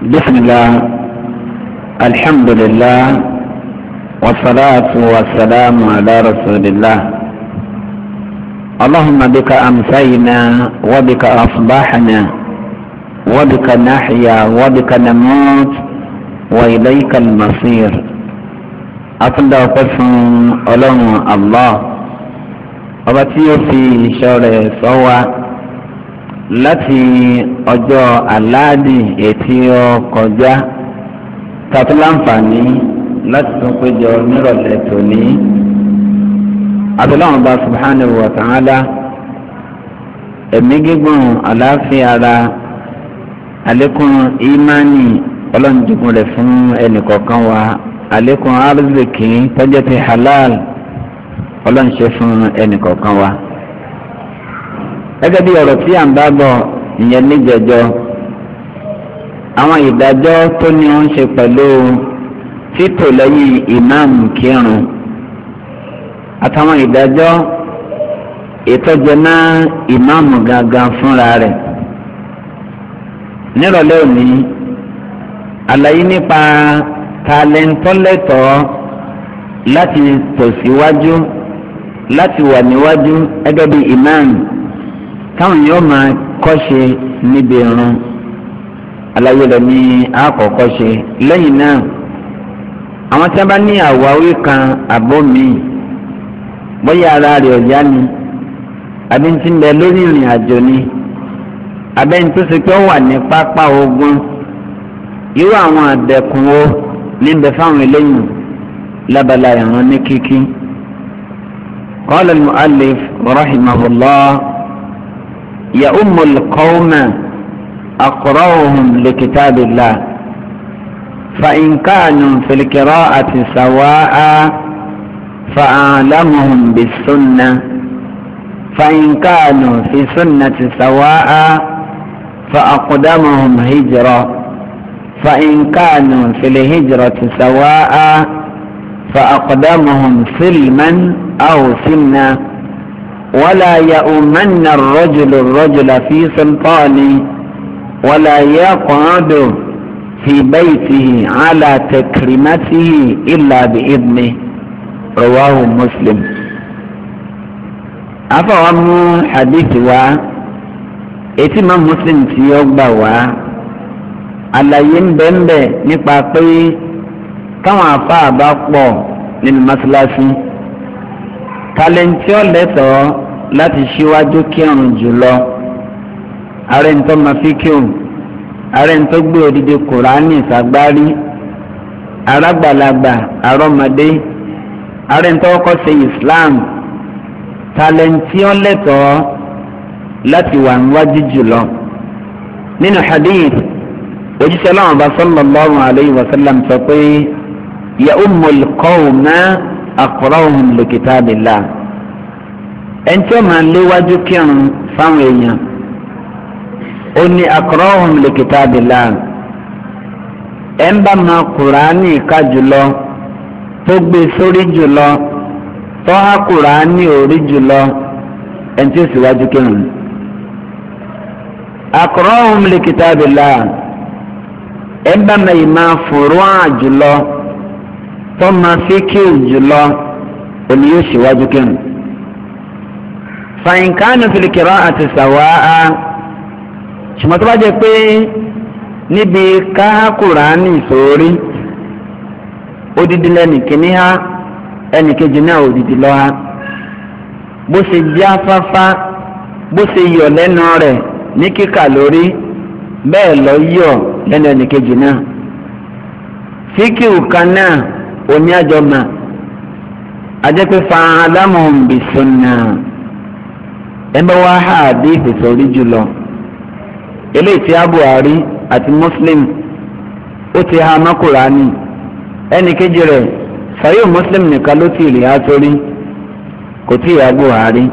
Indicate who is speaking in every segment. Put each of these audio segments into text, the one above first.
Speaker 1: بسم الله الحمد لله والصلاة والسلام على رسول الله اللهم بك أمسينا وبك أصبحنا وبك نحيا وبك نموت وإليك المصير أتندى قسم ألوم الله ọba في yóò fi láti ọjọ́ aláàdì ètí ó kọjá tàbí láǹfààní láti tún péjọ nírọ̀lẹ́ tòní. abdullahi ọba subhanahu wa ta'ala ẹ̀mí gígùn àlàáfíà ara àlékún ìmánì ọlọ́njúgun rẹ̀ fún ẹnìkọ̀ọ̀kan wa àlékún arzikì tọ́jọ́ ti halal ọlọ́nṣẹ́ fún ẹnìkọ̀ọ̀kan wa gẹ́gẹ́ bí ọ̀rọ̀ tí à ń bá bọ̀ ìyẹn níjẹ̀jọ́ àwọn ìdájọ́ tó ní wọ́n ṣe pẹ̀lú títò lẹ́yìn ìmáàmù kírun àtàwọn ìdájọ́ ìtọ́jẹ náà ìmáàmù gangan fúnra rẹ̀ nírọ̀lẹ́ òní àlàyé nípa talẹ́ńtọ́lẹ́tọ̀ láti tò láti wà níwájú gẹ́gẹ́ bí ìmáàmù. táwọn yóò máa kọ́ṣe níbi irun àlàyé rẹ̀ ní àkọ́kọ́ ṣe lẹ́yìn náà àwọn tí wọ́n bá ní àwáwí kan àbọ̀ míì bóyá ara rẹ̀ ọ̀yá ni àbí ń ti ń bẹ lórí ìrìn àjò ni abẹ́ni tó ṣe pé ó wà ní pápá ogun irú àwọn àbẹ̀kùn wo ní bẹ fáwọn eléyìn lábala ìran ní kíkí. قال المؤلف رحمه الله يؤم القوم أقرأهم لكتاب الله فإن كانوا في القراءة سواء فأعلمهم بالسنة فإن كانوا في سنة سواء فأقدمهم هجرة فإن كانوا في الهجرة سواء فأقدمهم سلما أو سنا ولا يؤمن الرجل الرجل في سلطانه ولا يقعد في بيته على تكريمته إلا بإذنه رواه مسلم أفهم حديث و إتمام مسلم تيوبا و àlàyé ń bẹ́ẹ̀ nípa pé káwọn àfáà talenti ọlẹtọọ láti ṣíwájú kírun jùlọ ààrẹ ń tọ́ ma fi kírun ààrẹ ń tọ́ gbé odidi kùránì sàgbárí arágbàlagbà arọ́mọdé ààrẹ ń tọ́ Islam talenti ọlẹtọọ láti wà níwájú jùlọ nínú hadith òjíṣẹ́ láwọn bá sallallahu alayhi wa sallam sọ pé ya ummul qawma akọ̀rọ̀hùn li kitabillah ẹni tí ó máa léwájú kírun fáwọn èèyàn ó ní akọ̀rọ̀hùn li kitabillah ẹ ń bá máa kùránì ká jùlọ tó gbé sórí jùlọ tó há kùránì orí jùlọ ẹni síwájú kírun akọ̀rọ̀hùn li kitabillah ẹ ń bá máa yìí máa fòrò àjùlọ tó máa fi kíw jùlọ òní yóò ṣèwájú kírun. fàyínkánu fìlìkìrọ àti sàwáà ṣùgbọ́n tó bá jẹ pé níbi káàkùránì sórí odidi lẹ́nì kìíní ha ẹnì kejì náà odidi lọ ha bó ṣe jẹ́ afáfá bó ṣe yọ lẹ́nu rẹ̀ ní kíkà lórí bẹ́ẹ̀ lọ yọ lẹ́nu ẹnì kejì náà fíkìw kan náà òní àjọ mà àjẹpẹ́ fàálámù bìsọ̀nà ẹ bá wá hà dé ìfẹsọ̀rí jùlọ eléyìí tí Buhari àti Muslim ó ti ha mọ́kùránì ẹnì kejì rẹ̀ sàyò Muslim nìkan ló ti rí àtórí kò tí ì ha Buhari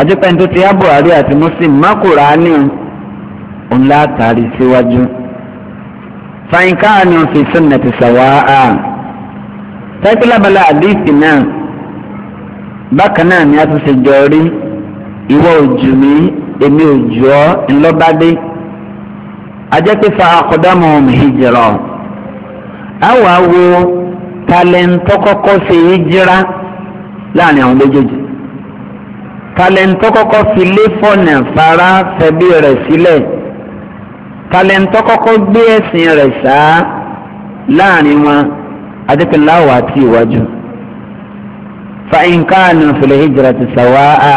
Speaker 1: àjẹpẹ́ tó ti ha Buhari àti Muslim mọ́kùránì ńlá tàrí síwájú fàyínká ni òfin sunnati sàwáà tẹ́tílábàlà àdìsí náà bákan náà ni a tún ṣe jọ rí ìwọ òjò mi èmi òjò ọ ńlọ́bádé ajẹ́pẹ́fà àkọ́dámọ̀ hìjìrọ̀ àwọn awo talẹ̀ntọ́ kọ́kọ́ ṣe hìjìrá láàrin àwọn méjèèjì talẹ̀ntọ́ kọ́kọ́ fi lé fọ̀nà fara fẹ̀bí rẹ̀ sílẹ̀ talẹ̀ntọ́ kọ́kọ́ gbé ẹ̀sìn rẹ̀ sá láàrin wọn. àdékè láwọ̀ waju ìwájú. fàyínkáànù fìlẹ̀ hijira ti sàwá a.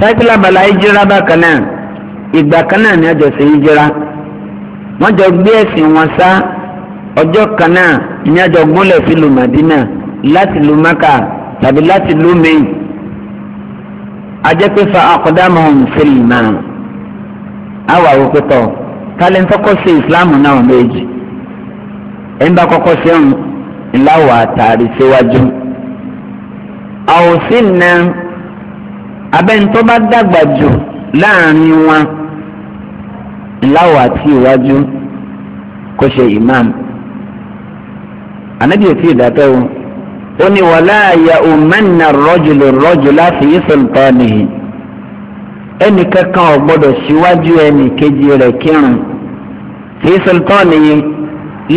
Speaker 1: tákìlá bala hijira ba kana ìgbà kan náà ni a jọ ṣe hijira. wọ́n gbe gbé ẹ̀sìn wọn sá ọjọ́ kan náà ni a jọ gúnlẹ̀ lu Madina lati lu Maka tàbí lati lu maine. àjẹpẹ́fà àkọ́dámọ̀ọ́n fìlì náà. àwa òkútọ̀ tálẹ́ńtọ́kọ́ sí ìsìláàmù náà méjì. ẹnba kọ́kọ́ sẹ́hùn ńláwọ̀ àtàrí síwájú. àwòsí nà abẹ́ntọ́ bá dàgbà jù láàrin wọn ńláwọ̀ àti ìwájú kò ṣe imam. ànábì ò tí ì dákẹ́ o ó ní wàlá àyà òmẹ́nà rọ́jùlù rọ́jùlá fi ìsọ̀lùtọ́ nìyí ẹnì kankan ò síwájú ẹnì kejì rẹ̀ kírun fi nìyí.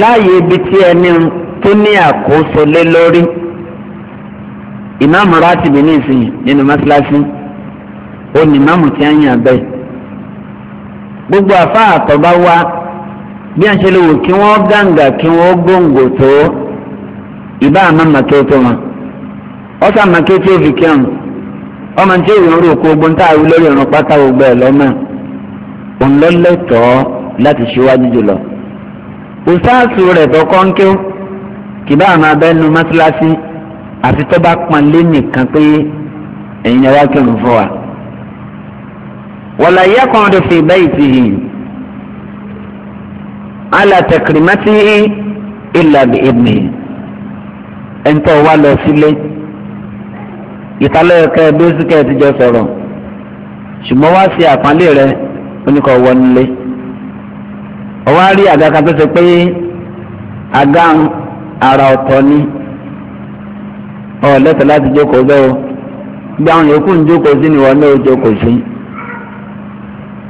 Speaker 1: láàyè ibi tí ẹni tó ní àkóso lé lórí ìmáàmù rátìbì ní ìsìn nínú mọ́sálásí ó ìmáàmù tí a ń yàn bẹ́ẹ̀ gbogbo àfáà tó wa bí a ṣe lè wò kí wọ́n gàǹgà kí wọ́n gbòǹgò tó ìbá àmọ́ màkì tó wọn ọ̀sà màkì tó fi kí ọ̀hún ọmọ tí èèyàn rò kó ogun tá a wí lórí pátá gbogbo ẹ̀ lọ́mọ òsáàsù rẹ̀ tó kọ́ńké kìbá àmọ́ abẹ́nu mọ́sálásí àfi tó bá pọ́nlé nìkan pé ẹ̀yin ẹ̀rọ akẹ́rù fọ́ wa. wọ́lá yẹ kàn tó fi bẹ́ẹ̀ tì í ala tẹkirimẹ́tì ìlà ìbùnì ẹ̀ńtọ́ wa lọ sílé ìtàlẹ́ ẹ̀ka ẹ̀dọ́sí kẹ́ẹ̀tì jọ sọ̀rọ̀ ṣùgbọ́n wá sí àpọ́nlé rẹ̀ oníkọ̀ọ́wọ́ nílé ọwọ́ rí àga kan tó ṣe pé àga ara ọ̀tọ̀ ni ọ̀lẹ́tọ̀ láti jókòó bẹ́ẹ̀ o gbé àwọn yòókù ń jókòó sí ni wọ́n náà jókòó sí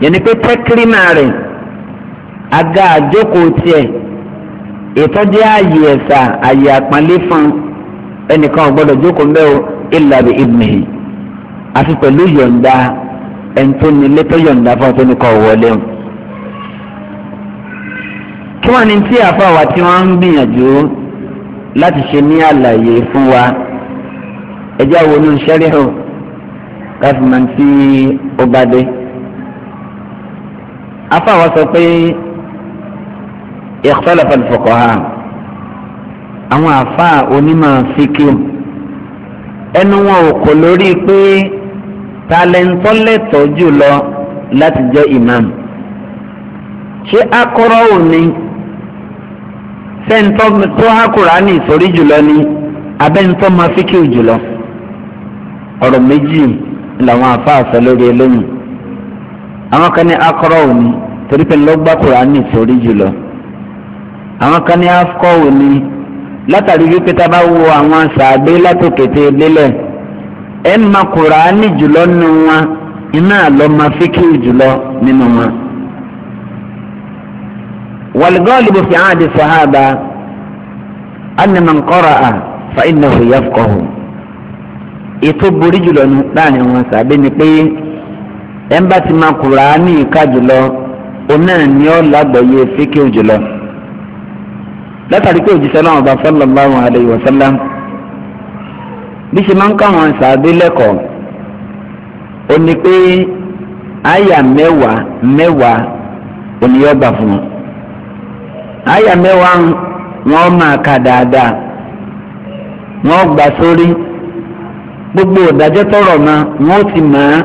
Speaker 1: yẹnni pé tẹ́kírínà rẹ̀ àga àjókòó tiẹ̀ ìtọ́jú ààyè ẹ̀sà ààyè àpọ́nlé fún ẹnìkan ò gbọ́dọ̀ jókòó mbẹ́ o illa bi ibnihi àfi pẹ̀lú yọ̀ǹda ẹ̀ńtónilé tó yọ̀ǹda fún ọ̀tọ́nìkan ò wọlé o kí wọ́n ní tí àfàwà tí wọ́n ń gbìyànjú láti ṣe ní àlàyé fún wa ẹjẹ́ àwọn oníṣẹ́rìhù káfíńmọ́tì ọbadé àfàwà sọ pé ikhtalafa al-fuqaha àwọn àfà onímọ̀ fíkìú ẹnu wọn ò kò lórí pé talẹ̀ntọ́ lẹ́tọ̀ọ́ jù lọ láti jẹ́ imam ṣé akọ́rọ́ òní. sẹ́ńtọ́ tó há kùránì sórí jùlọ ni abẹ́ńtọ́ máa fíkìú jùlọ ọ̀rọ̀ méjì làwọn afáàfẹ́ lórí eléyìí àwọn kan ní akọrọ òní torí pé ló gbá kùránì sórí jùlọ àwọn kan ní afkọ òní látàrí wípé tá a bá wo àwọn sàgbé látòkété délẹ̀ ẹ̀ ń ma kùránì jùlọ nínú wọn iná ló máa jùlọ nínú wọn. والغالب في عهد الصحابة أن من قرأ فإنه يفقه يطب رجل داني وانسى بني بي ẹnba ti ma kuraani ka jùlọ onáà ni ọ lágbọ̀ọ́yé fíkìw jùlọ látàrí pé òjíṣẹ́ náà ọba sallallahu alayhi wa sallam bí ṣe máa ń kọ́ àwọn sàbí lẹ́kọ̀ọ́ ó ní pé àyà mẹ́wàá mẹ́wàá òníyọ́ gbà fún un. aya mẹ́wàá wọn máa kà dáadáa wọn gbogbo ìdájọ́ tọrọ ma wọn ti mọ̀ á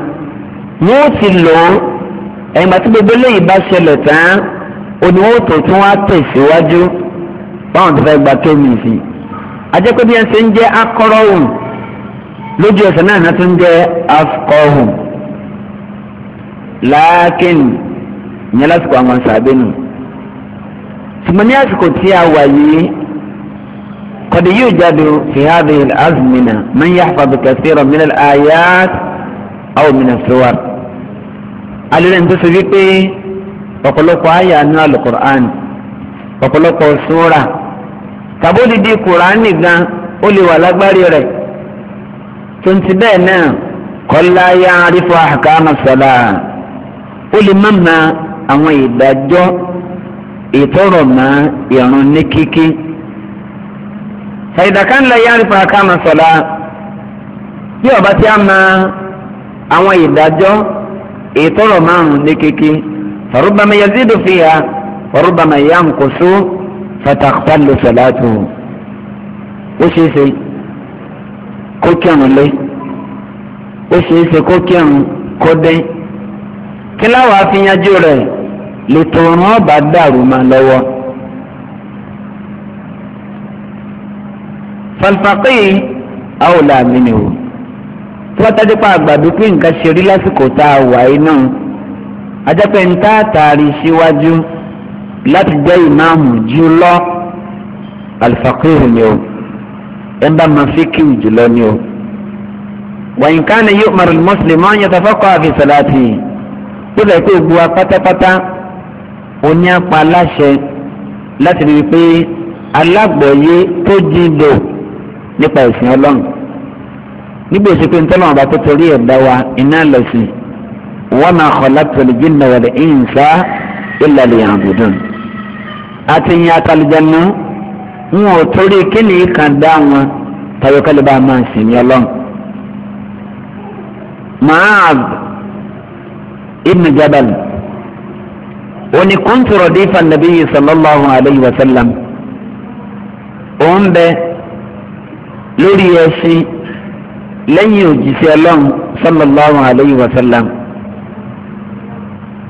Speaker 1: wọn ti lò ẹ̀yìn àti gbogbo eléyìí bá ṣẹlẹ̀ tán oníwòtò tí wọ́n á tẹ̀síwájú báwọn ti fẹ́ gba tómi sí ajẹ́pẹ́ bí ẹ ṣe ń jẹ́ akọ́rọ́hùn lójú ẹsẹ̀ náà jẹ́ láàkín ṣùgbọ́n ní àsìkò tí a wà yìí kọ̀dí yóò jáde fi hàdí azmina man yahfadu kathiran min al-ayat aw min as-suwar. alẹ́ ní tó ṣe wípé ọ̀pọ̀lọpọ̀ àyà ní alukur'an ọ̀pọ̀lọpọ̀ sura tàbí odidi kùránì gan ó lè wà lágbárí rẹ̀ tó bẹ́ẹ̀ náà kọ́lá yá rí fún àkàmà sọ̀lá ó lè má ma àwọn ìdájọ́ ìtọ́rọ̀ mọ́ ìrún ní kíkí. ẹ̀dàkan lè yára fún akáàmà sọ̀la bí ọba tí a mọ àwọn ìdájọ́ ìtọ́rọ̀ márùn ní kíkí. farubama yazidu fiha farubama yankusu fatakpalu salatu. ó ṣeé ṣe kó kírun lé ó ṣeé ṣe kó kírun kó dé kí láwàá fi yanjú rẹ̀ lètò ọ̀run ọba dàrú ma lọ́wọ́. falfaqi àwòlà àmìnì o tí wọ́n tájú pa àgbàdo pé nǹkan ṣe rí lásìkò tá a wà iná ajẹ́pẹ́ ń tá àtàrí síwájú láti jẹ́ ìmáàmù jù lọ alfaqi ni o ẹ ma fi kí jùlọ ni o. وإن كان يؤمر المسلم أن يتفقه في صلاته. ó lè pé gbogbo pátápátá oní apá láṣẹ láti rí i pé alágbọ̀ọ́yé tó jíndò nípa ìsìn ọlọ́run nígbà èsì pé ntọ́lọ́wọ́n bá tó torí ẹ̀ dá wa iná lọ́sìn wa ma khalaqtul jinna wal insa illa liya'budun àti ìyẹn àtàlùjẹnu wọn ò torí kíni kan dá wọn tayọkẹ́lẹ́ bá máa sìn ní ọlọ́run. Ma'ad ibn Jabal òní kóńtù rọ̀dífà nàbí sallallahu alayhi wa sallam òun bẹ lórí ẹṣin lẹ́yìn òjìṣẹ́ ọlọ́run sallallahu alayhi wa sallam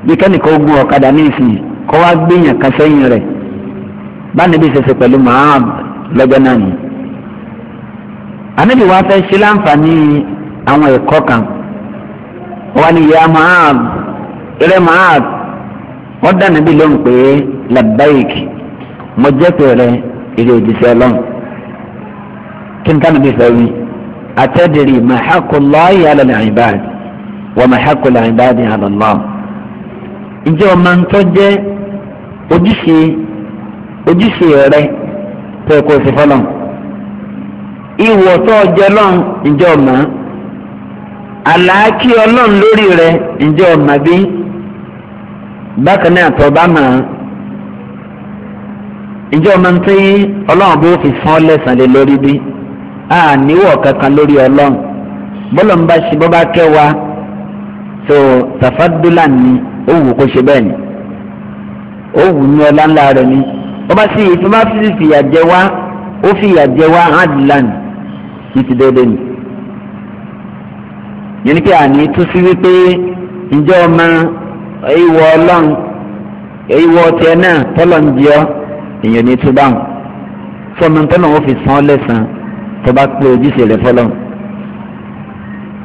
Speaker 1: bí kẹ́nìkan ogun ọ̀kadà ní ìsìn kọ́ wá gbìyàn kan sẹ́yìn rẹ̀ bá níbi pẹ̀lú mahab lọ́jọ́ náà ni. àníbi wàá fẹ́ ṣe láǹfààní àwọn ẹ̀kọ́ kan wọ́n ní ya mahab eré mahab wọ́n dá nàbí ló ń pè é labbaik mo jẹ́ pé rẹ èrè òjìṣẹ́ ọlọ́run kí n ká nàbí fẹ́ wí atadri ma haqqullahi ala al-ibad wa ma haqqul ibadi ala Allah ǹjẹ́ o máa ń tọ́ jẹ́ ojúṣe ojúṣe rẹ tó ẹ kó o sì ìwọ tó o jẹ lọ́n ǹjẹ́ o mọ̀ àlàákí ọlọ́run lórí rẹ ǹjẹ́ o mọ̀ bí bákan náà tó bá mọ̀ ìjọ máa ń tẹ́ ọlọ́run bó fi fún ọ lẹ́sàn lé lórí bí a níwọ̀ kankan lórí ọlọ́run bọ́lọ̀ ń bá ṣe bọ́ bá kẹwàá tó tàfádúlà ni ó wù kó ṣe bẹ́ẹ̀ ni ó wù ní ọlá ńlá rẹ̀ ni wọ́n bá sì ìfún bá fi fìyà jẹ wá ó fìyà jẹ wá àdìlà ní ti déédéé ni yẹn ni pé àní tún sí wípé ǹjẹ́ ọmọ. ìwọ ọlọ́run ìwọ ọtẹ náà tọ́lọ̀ ń di ọ́ èèyàn ní túbà ń fọmọ tọ́lọ̀ fi san ọ́ lẹ́sàn-án tó bá pé ojúṣe rẹ̀ fọlọ́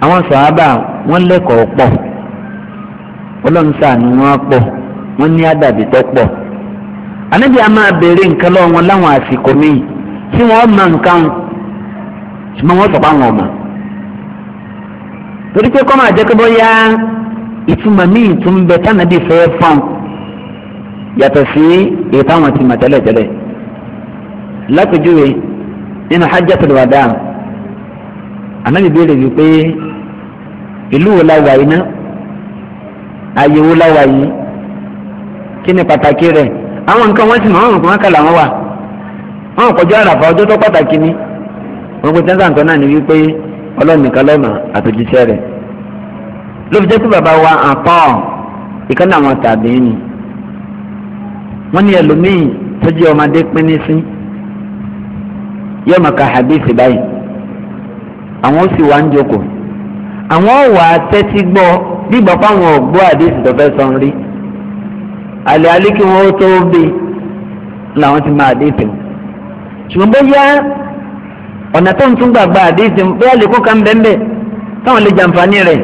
Speaker 1: àwọn sàábà wọn lẹ́kọ̀ọ́ pọ̀ ọlọ́run sàánú wọn pọ̀ wọn ní àdàbí tó pọ̀ a máa béèrè nǹkan lọ́wọ́ wọn láwọn àsìkò míì tí wọ́n mọ nǹkan ṣùgbọ́n wọ́n wọn mọ̀ torí pé ìtumọ̀ míì tún bẹ tánàbí fẹ́ fún yàtọ̀ sí èyí táwọn ti mọ̀ tẹ́lẹ̀tẹ́lẹ̀ lápèjúwe nínú hajjatul wada ànábì béèrè wípé ìlú wo la wà yìí ná ààyè wo la wà yìí kí ni pàtàkì rẹ̀ àwọn nǹkan wọ́n sì mọ̀ àwọn nǹkan kàlà wọn wà wọn kọjú àràfà ọjọ́ tó pàtàkì ni wọn pe tẹ́ńtà nǹkan náà ni wípé ọlọ́ọ̀nìkan lọ́nà àtòjíṣẹ́ rẹ̀ ló fi jẹ́ pé bàbá wa àpọ̀ ìkan náà wọn tàbí ni wọ́n ní ẹlòmíì tó jẹ́ ọmọdé pínní sí yóò máa ka hadith báyìí àwọn ó sì wá ń jókòó àwọn ò wá tẹ́tí gbọ́ bí ìgbà fáwọn ògbó hadith tó fẹ́ sọ ń rí àlẹ́ alẹ́ kí wọ́n tó bí làwọn ti máa hadith ṣùgbọ́n bóyá ọ̀nà tó ń tún gbàgbà hadith bóyá lè kó kan bẹ́ẹ̀ bẹ́ẹ̀ táwọn lè jàǹfààní rẹ̀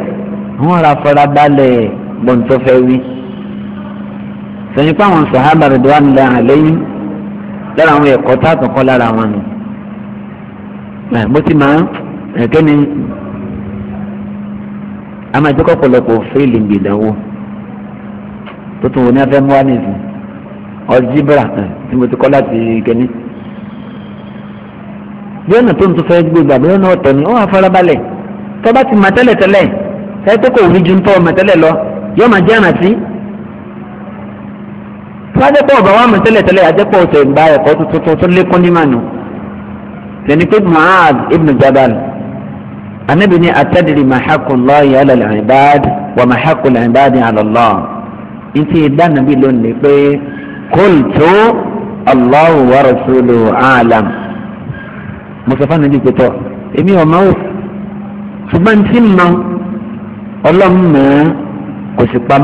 Speaker 1: wọ́n ra farabalẹ̀ gbọ̀ntọ́fẹ́ wí. sọ̀yìn pé àwọn sàhábà rẹ̀ dùn ànilẹ̀ hàn lẹ́yìn lára àwọn ẹ̀kọ́ tá a tún kọ́ lára wọn nù. bó ti máa ẹ̀kẹ́ ni a máa jẹ́ kọ́pọ̀lọpọ̀ fẹ́ẹ̀lì gbìdánwò tó tún wọ ní afẹ́ mú wá tí mo ti kọ́ láti kẹ́ni bí ọ̀nà tó ń tún fẹ́ gbé gbàgbé ọ̀nà ọ̀tọ̀ ni ó wà farabalẹ̀ tó bá ti máa tẹ́lẹ̀ tẹ́lẹ̀ sẹ́yìn pé kò ní ju ń tọ́ ọmọ tẹ́lẹ̀ lọ yóò máa jẹ́ àrántí. tíwájẹ́pọ̀ ọ̀bà wa mọ̀ tẹ́lẹ̀ tẹ́lẹ̀ àjẹpọ̀ ọ̀sẹ̀ gba ẹ̀kọ́ tuntun tó lékún ní mànú. sẹ́ni pé Mu'adh ibn Jabal anabi ni atadiri mahakullahi ala al-ibad wa mahakul ibadi ala Allah nti ìdánabí lónìí pé kultu Allahu wa rasuluhu alam musafa nàbí pẹ̀tọ́ èmi ọ̀ma wò ṣùgbọ́n tí ń ọlọ́run mọ̀ ọ́n kò sì pa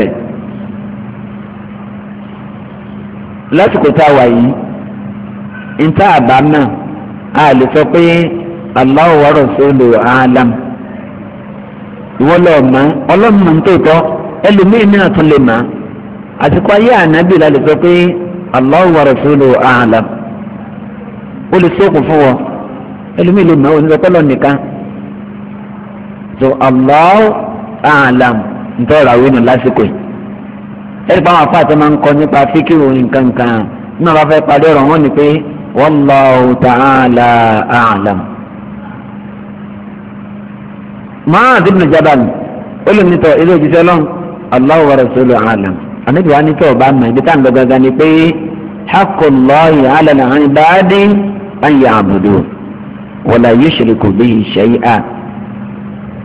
Speaker 1: rẹ̀ lásìkò tá a wà yìí níta àbá náà a lè sọ pé alam ìwọ lọ mọ̀ ọlọ́run mọ̀ nítòótọ́ ẹlòmíín náà tún lè la lè sọ pé alam ó lè sókun fún wọn ẹlòmíín lè so Allah a'lam ntọ́ra wínú lásìkò yìí ẹ̀rí pa àwọn apáàtì máa ń kọ nípa fíkìrù nǹkan kan náà bá fẹ́ parí ọ̀rọ̀ wọn ni pé wallahu ta'ala a'lam. Mu'adh ibn Jabal ó lè nítọ̀ ilé òjíṣẹ́ lọ́n Allahu wa rasuluhu a'lam àníbi wa nítọ̀ ọba àmọ́ ibi tá à ń lọ gangan ni pé haqqullahi 'ala ibadi an ya'buduhu wa la yushriku bihi shay'an.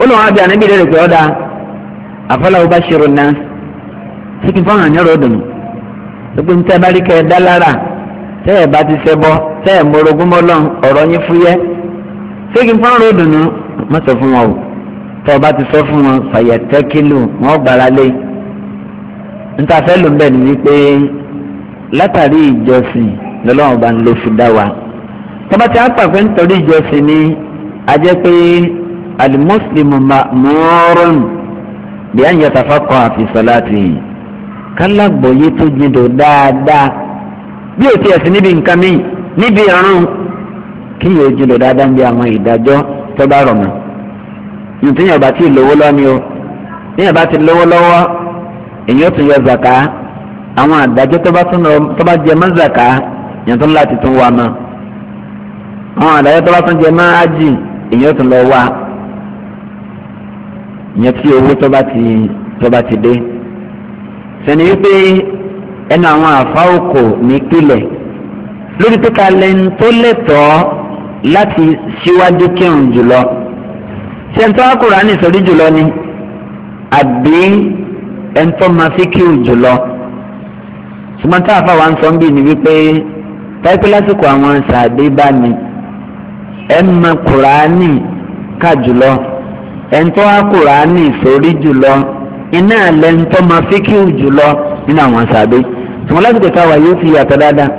Speaker 1: ó lọ́wọ́ abẹ́ ànábì rẹ̀ pé ọ̀dà àfọláwo bá ṣerò náà síkì fún àwọn ẹ̀rọ ọ̀dùn gbogbo ní tẹ́ bá rí kẹ́ ẹ dá lára tẹ́ ẹ bá ti ṣẹ bọ́ tẹ́ ẹ mọ̀rọ̀gún mọ́ lọ́n ọ̀rọ̀ yín fúyẹ́ síkì fún àwọn ọ̀dùn má sọ fún wọn o tẹ́ ọ bá ti sọ fún wọn fàyẹ̀tẹ́ kílù wọn gbára lé níta fẹ́ ló ń bẹ̀ ní wípé látàrí ìjọsìn lọ́lọ́run bá ń lo fi dá wa tọ́ba alimuslimu ma'murun bí a ń yàtọ̀ fakọ̀ àfi sọ́láàtì kálágbòye tó jìndò dáadáa bí o ti ẹ̀sìn níbi nǹkan mi níbi ìrún kí yóò jìndò dáadáa bí àwọn ìdájọ́ tó bá rọ̀ mọ́ nítorí ọba tí lówó lọ́ni o ní ọba tí lówó lọ́wọ́ èyàn tún yọ zàká àwọn àdájọ́ tó bá tún lọ tó bá jẹ mọ́ zàká èyàn tún láti tún wá mọ́ àwọn àdájọ́ tó bá tún jẹ mọ́ ájì èyàn tún lọ wá yẹn tí owó tó bá ti tó bá ti dé sẹ́ni wípé ẹnu àwọn àfáwòkò ní pílẹ̀ lórí pípa lẹ́nu tó lẹ́tọ̀ọ́ láti ṣíwájú kírun jùlọ ṣé ẹni tó wá Kùránì jùlọ ni àbí ẹni tó máa fi kírun jùlọ ṣùgbọ́n tá a fà ń sọ ń bì ní wípé táìpé lásìkò àwọn sàdébà ni ẹ mọ Kùránì ká jùlọ ẹ̀ńtọ́ akùránì sórí jùlọ iná ẹ̀lẹ́ńtọ́ máa fíkìú jùlọ nínú àwọn sàbẹ̀ tùmọ̀ lásìkò táwa yóò fi yàtọ̀ dáadáa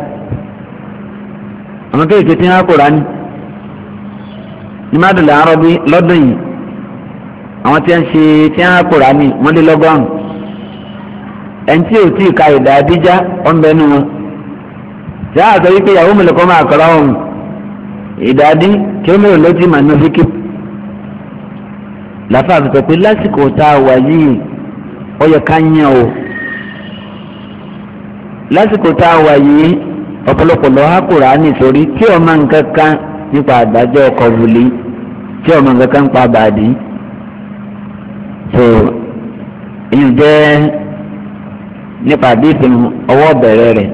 Speaker 1: àwọn kéèké tí wọn akùránì ní mádùlẹ̀ arọ́bí lọ́dún yìí àwọn tí wọn ṣe tí wọn akùránì wọn lé lọ́gọ́rùn ẹ̀ńtí ò tí ì ka ìdá àdíjá ọ̀nbẹ́nu wọn tí wọn àtọ́ yìí pé yàwó mi lè kọ́ máa kọ́ra ọ̀hún ìdá àdí kí ó mèrè ló ti mà ní fíkìú làfà mi sọ pé lásìkò tá a wà yìí ó yẹ ká yàn o lásìkò tá a wà yìí ọ̀pọ̀lọpọ̀ lọ́wọ́ á Kùránì sórí tí ọmọ nǹkan kan nípa àdájọ́ ọkọ̀ wùlé tí ọmọ nǹkan kan pa bàdí. so èyí jẹ́ nípa àdéhùn ọwọ́ bẹ̀rẹ̀ rẹ̀.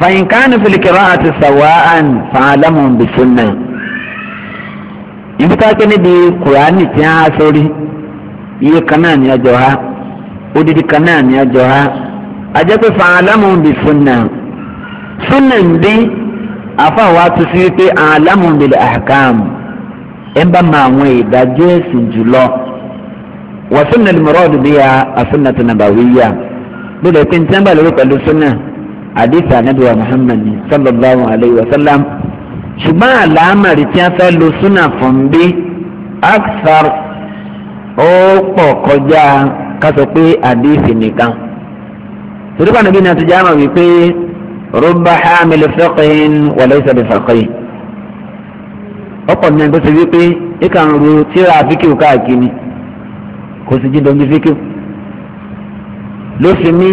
Speaker 1: fàyínká ní fìlìkìrọ̀ àti sàwáàn fàálàmù bìsúnà ibi tá a pé níbi kùránì tí a há sórí iye kan náà ní ọjọ́ ha odidi kan náà ní ọjọ́ ha ajẹ́ pé fàálámù bí sunna sunna ń bí àfàwà tó sí pé àlámù bil ahkam ẹ̀ ń bá ma àwọn ìdájọ́ ẹ̀sìn jùlọ wà sunna al-murad biha as-sunnatu nabawiyya lórí ẹ̀pẹ́ ní bá lórí pẹ̀lú sunna àdìsá nàbíwá muhammad sallallahu alayhi wa sallam ṣùgbọ́n àlámàrí tí a fẹ́ lo súnà fún bí aksar ó pọ̀ kọjá ká sọ pé àdéhìí nìkan torí kan níbi ní àtijọ́ àmọ̀ wípé rubba hamil fiqhin wa laysa bi faqih ọ̀pọ̀ ní ẹgbẹ́ sọ wípé ìkà ń ru tíra fíkìw káàkiri kò sì jí domi fíkìw ló fi mí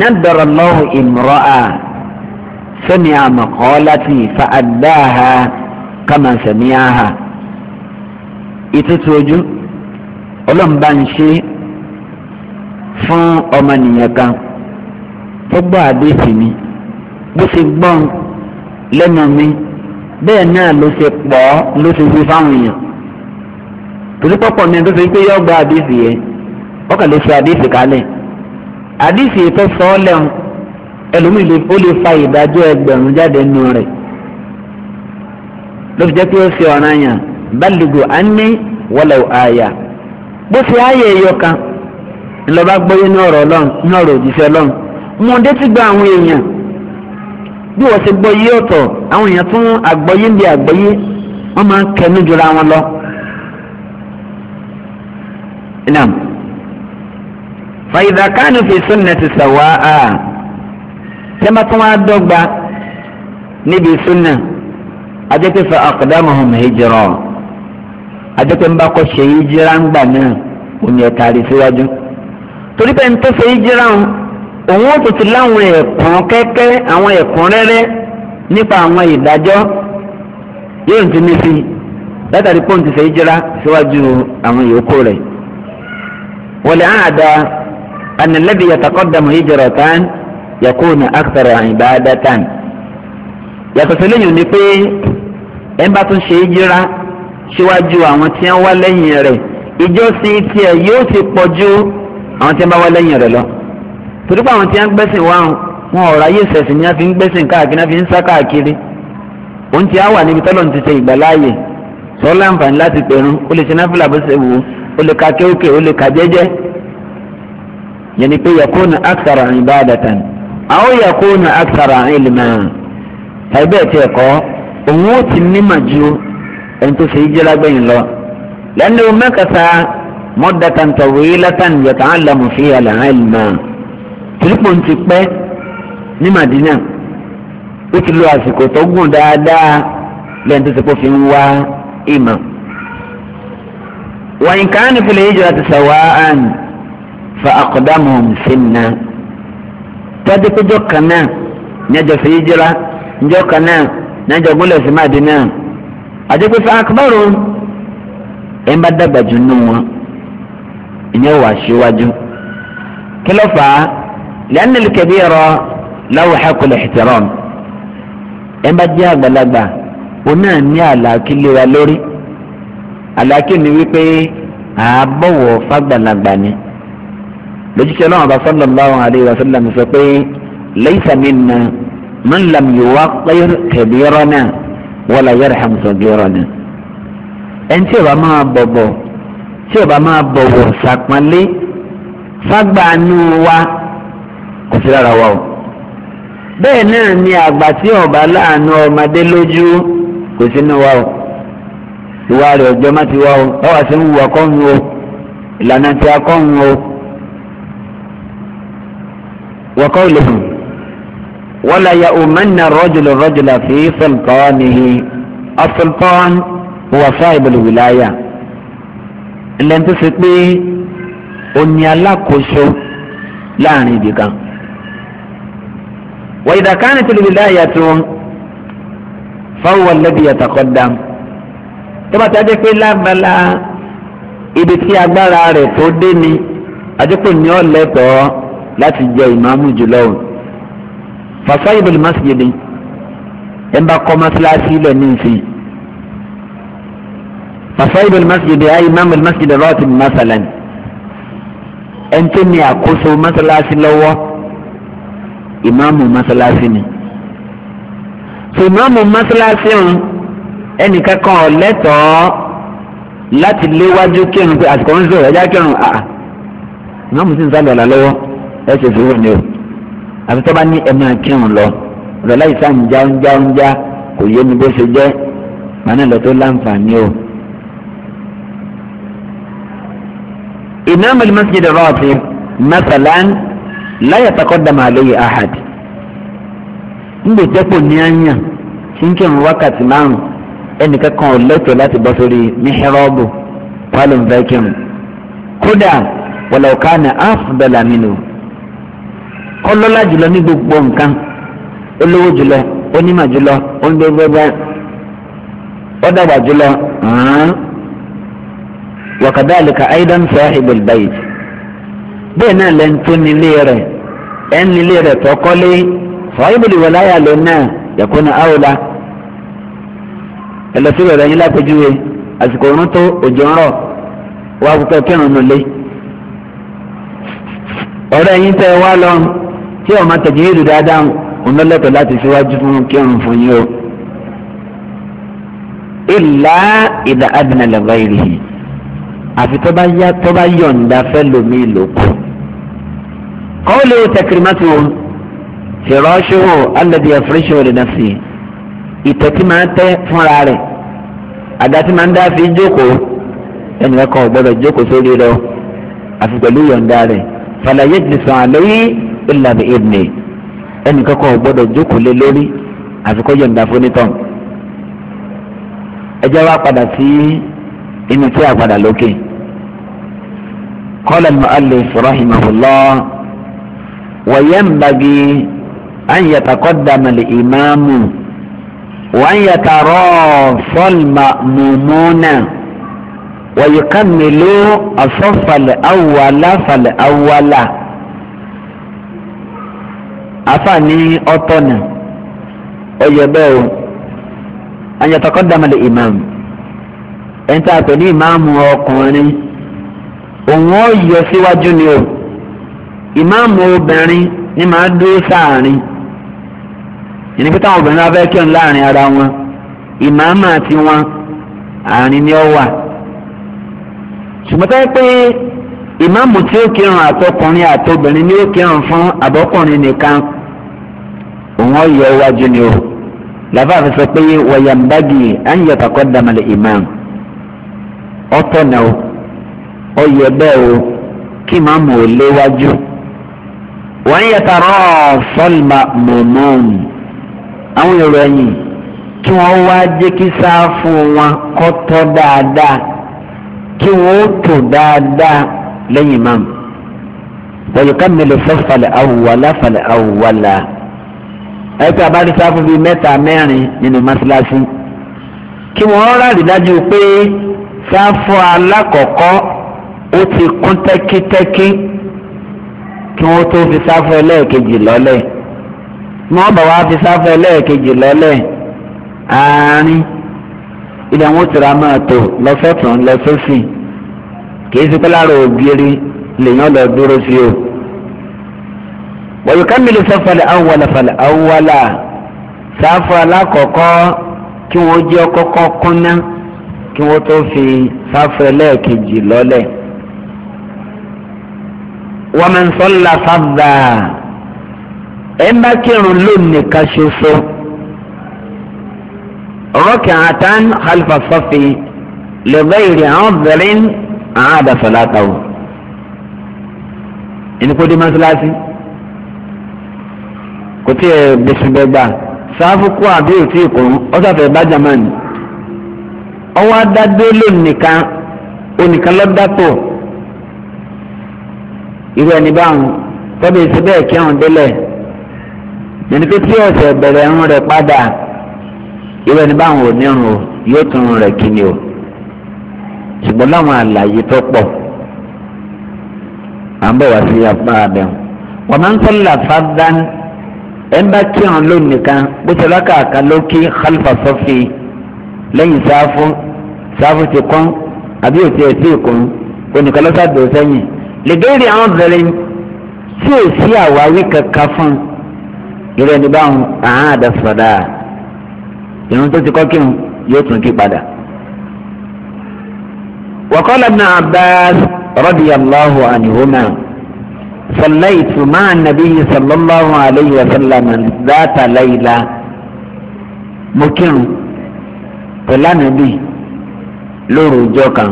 Speaker 1: nadara Allahu imra'a. سمع مقالتي فأداها كما سمعها ìtútúojú ọlọ́mba ń ṣe fún ọmọnìyàn kan tó gbọ́ àdéhùn mi bó ṣe gbọ́n lẹ́nu mi bẹ́ẹ̀ náà ló ṣe pọ̀ ló ṣe fi fáwọn èèyàn torí pọ́pọ̀ mi tó fi pé yọ gba àdéhùn yẹn ọkàn ló ṣe àdéhùn kalẹ̀ àdéhùn yẹn tó sọ ọ́ lẹ́hùn ẹlòmíì lè ó lè fa ìdájọ́ ẹgbẹ̀rún jáde nù rẹ̀ ló fi jẹ́ pé ó ṣe ọ̀ràn yàn bálùgù á ní wọ́lẹ̀ àyà bó ṣe ààyè ẹ̀yọ kan ńlọba gbóyè ní ọ̀rọ̀ ọlọ́run ní ọ̀rọ̀ òjíṣẹ́ ọlọ́run mo dé ti gba àwọn èèyàn bí wọ́n ṣe gbọ́ yé àwọn èèyàn tún àgbọ́yé ń bi àgbọ́yé wọ́n máa ń kẹnu jura wọn lọ. fàyìdà kánú fi sunnati sàwáà. tẹ́mbà wá dọ́gba níbi súnà adékèfé aqdamuhum hijra adékèfé ń bá kọ́ ṣe hijra ń gbà náà òní ẹ̀ka rí síwájú torí pé nítorí ṣe hijra òun ó tètè láwọn ẹ̀kún kẹ́kẹ́ àwọn ẹ̀kún rẹ́rẹ́ nípa àwọn ìdájọ́ yóò ti ní sí látàrí pé òun ti ṣe hijra síwájú àwọn yòókù rẹ̀ wọlé àádá ànàlẹ́bí yàtàkọ́ dàmú hijra tán. yakuna akthara ibadatan yàtọ̀ sí lẹ́yìn ni pé ẹ bá tún ṣe ìjìra síwájú àwọn tí wọ́n wá lẹ́yìn rẹ̀ ìjọsìn tiẹ̀ yóò ti pọ̀ ju àwọn tí wọ́n bá wá lẹ́yìn rẹ̀ lọ torí pé àwọn tí wọ́n gbẹ́sìn wá wọn ọ̀rọ̀ ayé ìṣẹ̀sìn ni wọ́n fi ń gbẹ́sìn káàkiri wọ́n fi ń sá káàkiri òun ti á wà níbi tọ́lọ̀ ti ṣe ìgbàláàyè sọ láǹfààní láti pẹ̀rún ó lè ṣe náfìlà bó ṣe wù ó lè ka kéókè ó lè ka jẹ́jẹ́ yẹn ni pé yakuna akthara ibadatan àwọn yẹ kó na akitara ìlìmọ̀ tàbí ẹ̀ tiẹ̀ kọ́ òun ó ti nímọ̀ ju ẹni tó ṣe ìjẹ́lá gbẹ̀yìn lọ lẹ́nu mẹ́kàtà mọ́dàtàn tọ̀wé látàn yọ̀tà àlàmù fi àlàhà ìlìmọ̀ tìrìpọ̀ ti pẹ́ ní Madina ó ti lo àsìkò tó gùn dáadáa lẹ́yìn tó ti kó fi ń wá ìmọ̀ wọ̀nyí kan ní fìlẹ̀ ìjọba ti sàwáàn fa àkọ́dàmù sínú náà tọ́jú péjọ kan náà ní ẹjọ́ fi yíjira níjọ́ kan náà ní ẹjọ́ gúnlẹ̀ sí Mádínà àdékù fún akọ́bọ̀rọ̀ ẹ̀ ń bá dàgbà jù nù wọn ìyẹn wà síwájú kí ló fà á lẹ́nu kẹ̀bí ẹ̀rọ láwùjọ hakùlẹ̀ ìtẹ̀rọ̀m ẹ̀ bá jẹ́ àgbàlagbà òun náà ní àlàkí léwa lórí àlàkí ni wípé àábọ̀wọ̀ fàgbàlagbà ni lójúṣe náà bá sallallahu alayhi wa sallam sọ pé laysa minna man lam yuwaqqir kabirana wala yarham saghirana. ẹni tí ó bá máa bọ̀bọ̀ tí ó bá máa bọ̀wọ̀ sàpọ́nlé fágbàánú wa kò sí lára wa o bẹ́ẹ̀ náà ni àgbà tí ọba láàánú ọmọdé lójú kò sínú wa o ìwà rẹ̀ ọjọ́ má ti wá o ọwọ́ sí ń wù ọkọ́ وقوله ولا يؤمن الرجل الرجل في سلطانه السلطان هو صاحب الولاية ilẹ̀ ń tó ṣe pé ó ní alákòóso láàrin ibì kan wà ìdàkánì tó lè láàyè tó fáwọn lẹ́bi àtàkọ́dá tó bá ta jẹ́ pé lábala ibi tí agbára rẹ̀ tó dé ni àdínkù ní ọ̀lẹ́tọ̀ọ́ láti jẹ ìmáàmù jùlọ o fasayibul masjid ẹ bá kọ́ mọ́sálásí lẹ̀ ní ìsìn fasayibul masjid ayé imáàmù masjid rọ́ọ̀tì masalan ẹ̀ ń tẹ́ ní àkóso mọ́sálásí lọ́wọ́ ìmáàmù mọ́sálásí ni so ìmáàmù mọ́sálásí ọ̀hún ẹnìkan kan ọ̀ láti léwájú kírun pé àsìkò ń sọ̀rọ̀ ẹ̀já kírun àà ìmáàmù sì ń sálọ̀ ọ̀la lọ́wọ́ ẹ ṣe sùúrù ni o àfi tó bá ní ẹ máa kírun lọ ọ̀rọ̀ láì sáà ń já ń já ń já kò yé mi bó ṣe jẹ́ màánà lọ tó láǹfààní o. ìnáwó masjid rọ́ọ̀tì masalan láyà takọ́ dàmà àlóye ahad ńgbè tẹ́pọ̀ ní àyàn tí wákàtí márùn ẹnìkan kan láti bọ́ sórí mihrọ́bù pálọ̀ nfẹ́ kódà wàlọ́ọ̀ká na áfù ọlọ́lá jùlọ ní gbogbo nǹkan olówó jùlọ onímọ̀ jùlọ onígbẹ́gbẹ́gbẹ́ ọ̀dàgbà jùlọ hàn wakadàlíkà aidan sahibul bayt bẹ́ẹ̀ náà lẹ́nu tó nílé rẹ̀ ẹ̀ nílé rẹ̀ tọ́kọ́lé sahibul walaya ló náà yakuna awla ẹlẹ́sìn rẹ̀ yín lápẹ́júwe àsìkò òórùn tó òjò ń rọ̀ wá púpẹ́ kẹrin nulẹ̀ ọ̀rẹ́ yín tẹ́ wá lọ́rùn tí ọmọ tajwid dáadáa òun lọ́lọ́tọ̀ láti síwájú fún kírun fún yín o. ìlà ìdá adìnnà lẹ́gbà ìrìhì àfi tó bá yá tó bá yọ̀ǹda fẹ́ lómi lòkù. kọ́ọ̀lù tẹkirimátì o fìrọ́ṣù o alẹ́dí ẹ̀fúrẹ́ṣù o lẹ́nà sí i ìtẹ̀tí máa ń tẹ́ fúnra rẹ̀ àdàtí máa ń dá fi jókòó ẹnìkan kan ò jókòó sórí rẹ̀ àfi pẹ̀lú yọ̀ǹda rẹ̀ fàlàyé ti sàn àlẹ́ yìí illa bi idni ẹnì kankan ò gbọ́dọ̀ jókòó lé lórí àfikọ́ yọ̀ǹda fúnitàn ẹjẹ́ wa padà sí inú tí a padà lókè qala al-mu'allif rahimahullah wa yanbaghi an yataqaddama al-imamu wa an yatarafa al-ma'mumuna wa Afa àfààní ọ̀tọ̀nà ọ̀yẹ̀ bẹ́ẹ̀ o anyatọkọ damale imam ẹni tá a pè ní ìmáàmù ọkùnrin òun ó yọ síwájú ni o ìmáàmù obìnrin ni màá dúró sáàrin ìní pé táwọn obìnrin abẹ́ kírun láàrin ara wọn ìmáàmù àti wọn àárín ni ọ wà ṣùgbọ́n táyé pé ìmáàmù tí ó kírun àtọkùnrin àtobìnrin ni ó kírun fún àbọ́kùnrin nìkan òun ọ̀yọ́ iwájú ni o làbáàfin sọ pé wọ̀yàmbági ànyẹ̀tàkọ́ dàmàlẹ̀ imam ọ̀tọ̀ náà o ọ̀yọ́ bẹ́ẹ̀ o kí màmú ò léwájú wọ́n yẹtàrọ́ sọ́lmà mọ̀mọ́n àwọn èrò ẹ̀yìn kí wọ́n wá jẹ́ kí wọn kọ́ dáadáa kí wọ́n tò dáadáa lẹ́yìn mọ́mù wọ́n yóò ká mélòó fẹ́ falẹ̀ awùwàlá falẹ̀ awùwàlá ẹ̀ka abánisá fún bíi mẹ́ta mẹ́rin nínú mọ́sálásí kí wọ́n rárí dájú pé sáfù alákọ̀ọ́kọ́ ó ti kún tẹ́kítẹ́kí kí wọ́n tó fi sáfù ẹlẹ́ẹ̀kejì lọ́lẹ̀ ní wọ́n bá wá fi sáfù ẹlẹ́ẹ̀kejì lọ́lẹ̀ àárín ilẹ̀ wọn tìra máa tò lọ́sọ̀tún lọ́sọ̀sìn kì í sí pé lára ògiri lèèyàn lọ dúró sí o wọ́n ká mi lè sọ falẹ̀ awọ́lá falẹ̀ awọ́lá sáfù alákọ̀ọ́kọ́ kí wọ́n jẹ́ kọ́kọ́ kúnná kí wọ́n tó fi sáfù ẹlẹ́ẹ̀kejì lọ́lẹ̀. wọ́n máa ń sọ́lá fábà ẹ̀ ń bá kírun lónìí ká ṣoṣo. ركعتان خلف الصف لغير عذر عاد صلاته. إن كنت مثلاتي kò tí ẹ gbèsùgbẹ̀gbà sáfù kú àbí òtí ìkòrò ọ̀sàfẹ́ bá jamani ọwọ́ adádó lónìkan onìkan lọ́dàpọ̀ irú ẹni báwọn tọ́bi ìṣe bẹ́ẹ̀ kí àwọn délẹ̀ yẹn ni pé tí ọ̀sẹ̀ bẹ̀rẹ̀ ń rẹ̀ padà irú ẹni báwọn ò ní ọ̀run o yóò tún un rẹ̀ kí o ṣùgbọ́n láwọn àlàyé tó pọ̀ à ń bọ̀ wá sí apá abẹ́hùn wọ́n máa ń sọ́lá fáadán ẹnba kí hàn lónìí nìkan bó ṣe lákàkà ló kí khalifa sọfì lẹ́yìn sáfù sáfù ti kún àbí òsì ẹsì kún oníkan ló sàdó sẹ́yìn lẹgẹrì àwọn bẹ̀rẹ̀ tí ò sí àwáwí kankan fún ìrẹ ní báwọn àhán àdàsọdà ìrún tó ti kọ́ kírun yóò tún kí padà. wa qala ibn Abbas radiyallahu anhuma. صليت مع النبي صلى الله عليه وسلم ذات ليلة مكين فلا نبي لورو جوكا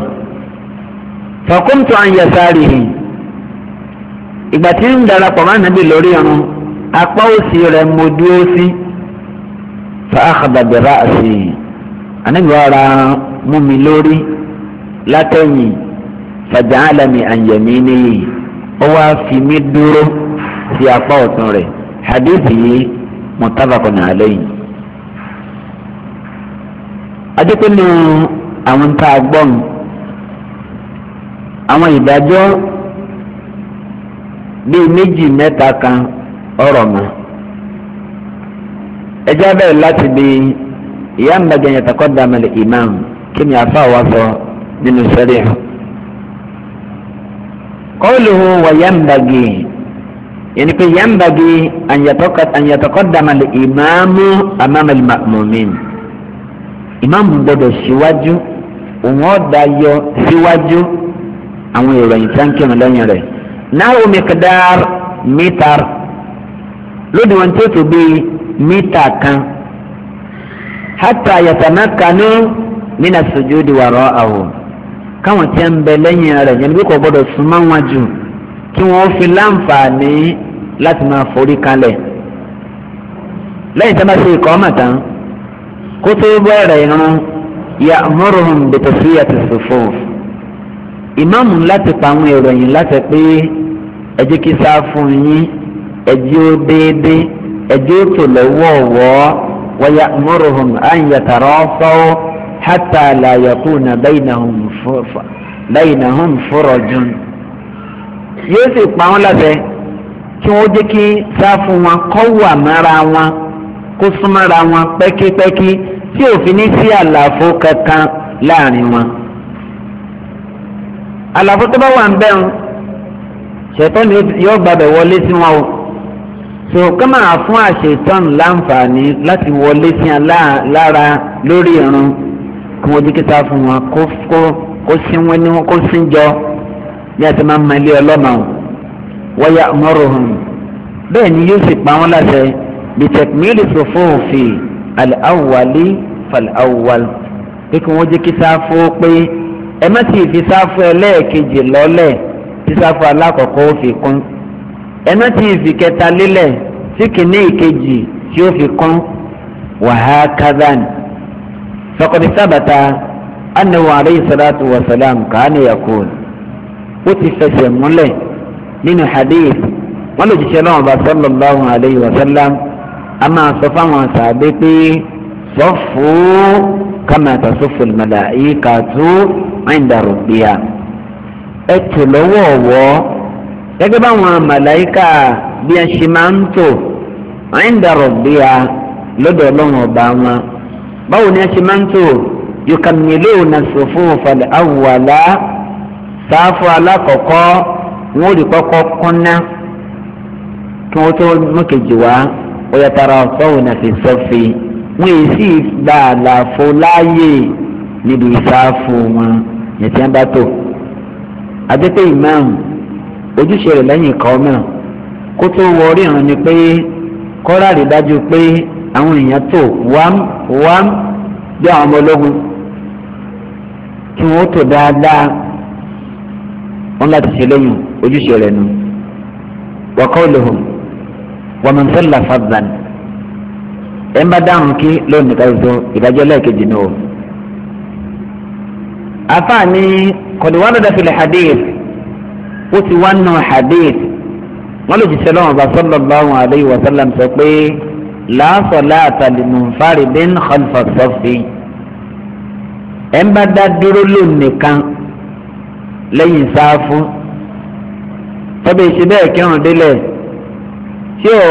Speaker 1: فقمت عن يساره ìgbà tí ń darapọ̀ mọ́ ànábì lórí irun apá òsì rẹ̀ mo dúró sí fàákàdàbẹ̀rẹ̀ àṣì ànábì ara mú mi lórí látẹ̀yìn fàjà álàmì àyẹ̀mí nìyí. ó wá fi mí dúró sí apá ọ̀tún rẹ̀ hadith yìí muttafaqun alayhi. adékúnnú àwọn tá a gbọ́n àwọn ìdájọ́ bíi méjì mẹ́ta kan ọ̀rọ̀ mọ́ ẹjọ́ bẹ́ẹ̀ láti bí ìyá ń bàjẹ́ yẹn takọ́ dàmẹ́lẹ̀ imam kí ni àfa wa sọ قوله وينبغي يعني في ينبغي أن يتقدم الإمام أمام المأمومين إمام gbọ́dọ̀ síwájú òun ọ̀dà yọ síwájú àwọn ìròyìn tí a ń kírun lẹ́yìn rẹ̀ náà mikdar mitar lóde wọn tí ó tó bíi mítà kan hátà yàtàmá kanú mina sujudi wara'ahu. káwọn tí ń bẹ lẹ́yìn rẹ̀ yẹn bí kò gbọ́dọ̀ súnmọ́ wọn jù kí wọ́n fi láǹfààní láti máa forí kalẹ̀ lẹ́yìn tí wọ́n bá ṣe ikọ̀ ọmọ tán kó tó bẹ̀rẹ̀ irun ya'muruhum bitaswiyati sufuf ìmáàmù láti pa àwọn ìròyìn láti pé ẹ kí sáà fún yín ẹ ó ó tò bainahum furajun yóò sì pa wọn láṣẹ kí wọn jẹ́ kí sáfù wọn kó wà mọ́ra wọn kó súnmọ́ra wọn pẹ́kípẹ́kí tí òfin ní sí àlàfo kankan láàrin wọn. àlàfo tó bá wà ń bẹ́ẹ̀ ṣètò ni yóò gbàgbẹ́ wọlé sí wọn o so kama fún àṣetán láǹfààní láti wọlé sí wọn lára lórí irun kí wọn jẹ́ kí sáfù wọn kó kó kó sin wọn ní wọn kó sin jọ bí a ti máa ma ilé ọlọ́mọ wa ya'muruhum bẹ́ẹ̀ ni yóò sì pa wọn láṣẹ bí tẹkmílì sufufi al-awwali fal-awwal pé kí wọ́n jẹ́ kí sáfù pé ẹ má ti fi sáfù ẹlẹ́ẹ̀kejì lọ́lẹ̀ tí sáfù alákọ̀ọ́kọ́ ó kún ẹ má ti fi kẹta lélẹ̀ tí kìíní ìkejì tí ó kún wàhálà kazan faqad sabata annahu alayhi salatu wa salam kaana yakun ó ti fẹsẹ̀ múlẹ̀ nínú hadith wọn lè jíṣẹ́ náà bá sallallahu alayhi wa sallam a máa sọ fáwọn sàbẹ pé sọfù kama tasuffu al-mala'ikatu 'inda rubbiha ẹ tò lọ́wọ́ ọ̀wọ́ gẹ́gẹ́ báwọn màláìka bí a ṣe máa ń tò 'inda rubbiha lọ́dọ̀ ọlọ́run ọba wọn báwo ni a ṣe máa ń tò yukamiluna sufufa awwala sáfù alákọ̀ọ́kọ́ wọn ò lè kọ́kọ́ kúnná kí wọ́n tó mọ́kejì wá ó yàtara ọ̀sọ́wò náà fi sọ́fì wọn èyí sì gba àlàfo láàyè níbi ìsáfù wọn yẹtí wọn bá tò adépé ìmáàmù ojúṣe rẹ̀ lẹ́yìn ìkọ́ náà kó tó wọ orí ìran ni pé kọ́ra rí dájú pé àwọn èèyàn tò wám wám bí àwọn ọmọ ológun kí wọ́n tò dáadáa wọn láti ṣe lẹ́yìn ojúṣe rẹ̀ nù wa qawluhum wa man salla fadlan ẹ̀ ń bá dáhùn kí lónìí ká so ìdájọ́ lẹ́ẹ̀kejì ni o. afaani kọ̀dùwádọ́dọ́ fil hadith ó ti wá nù hadith wọ́n lè jíṣẹ́ lọ́wọ́ bá sallallahu alayhi wa sallam sọ pé la salata limunfaridin khalfa safi ẹ ń bá dá dúró lóun nìkan lẹ́yìn sáfù tọ́bí ìṣe bẹ́ẹ̀ kírun délẹ̀ tí ò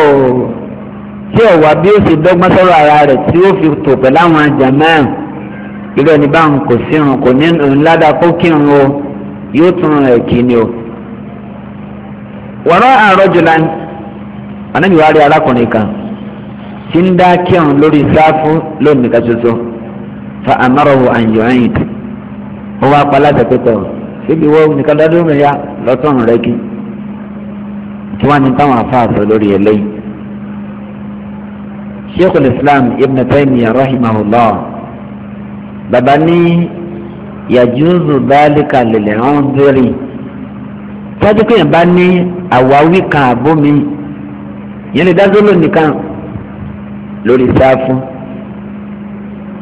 Speaker 1: tí ò wá bí ó ṣe dọ́gbọ́n sọ̀rọ̀ ara rẹ̀ tí ó fi tò pẹ̀lú àwọn àjàmáà irú ẹni bá ń kò sírun kò ní ńládàá kó kírun o yóò tún rẹ̀ kí ni o. wọ́rọ́ àrọ́jùlá anábìwárí arákùnrin kan tí ń dá kírun lórí sáfù lóun nìkan ṣoṣo fa amárọ̀wò àyọ̀yìn ó wá pa láti pípẹ́ o síbi wọ́n nìkan dádúró mi yá lọ́tọ̀ọ̀nù rẹ kí tí wọ́n ní táwọn afáàfẹ́ lórí eléyìí. sheikh al-islam ibn taymiyyah rahimahullah baba ní yajuzu dhalika lil anziri tọ́jú pé yẹn bá ní àwáwí kan àbómi yẹn lè dá zolo nìkan lórí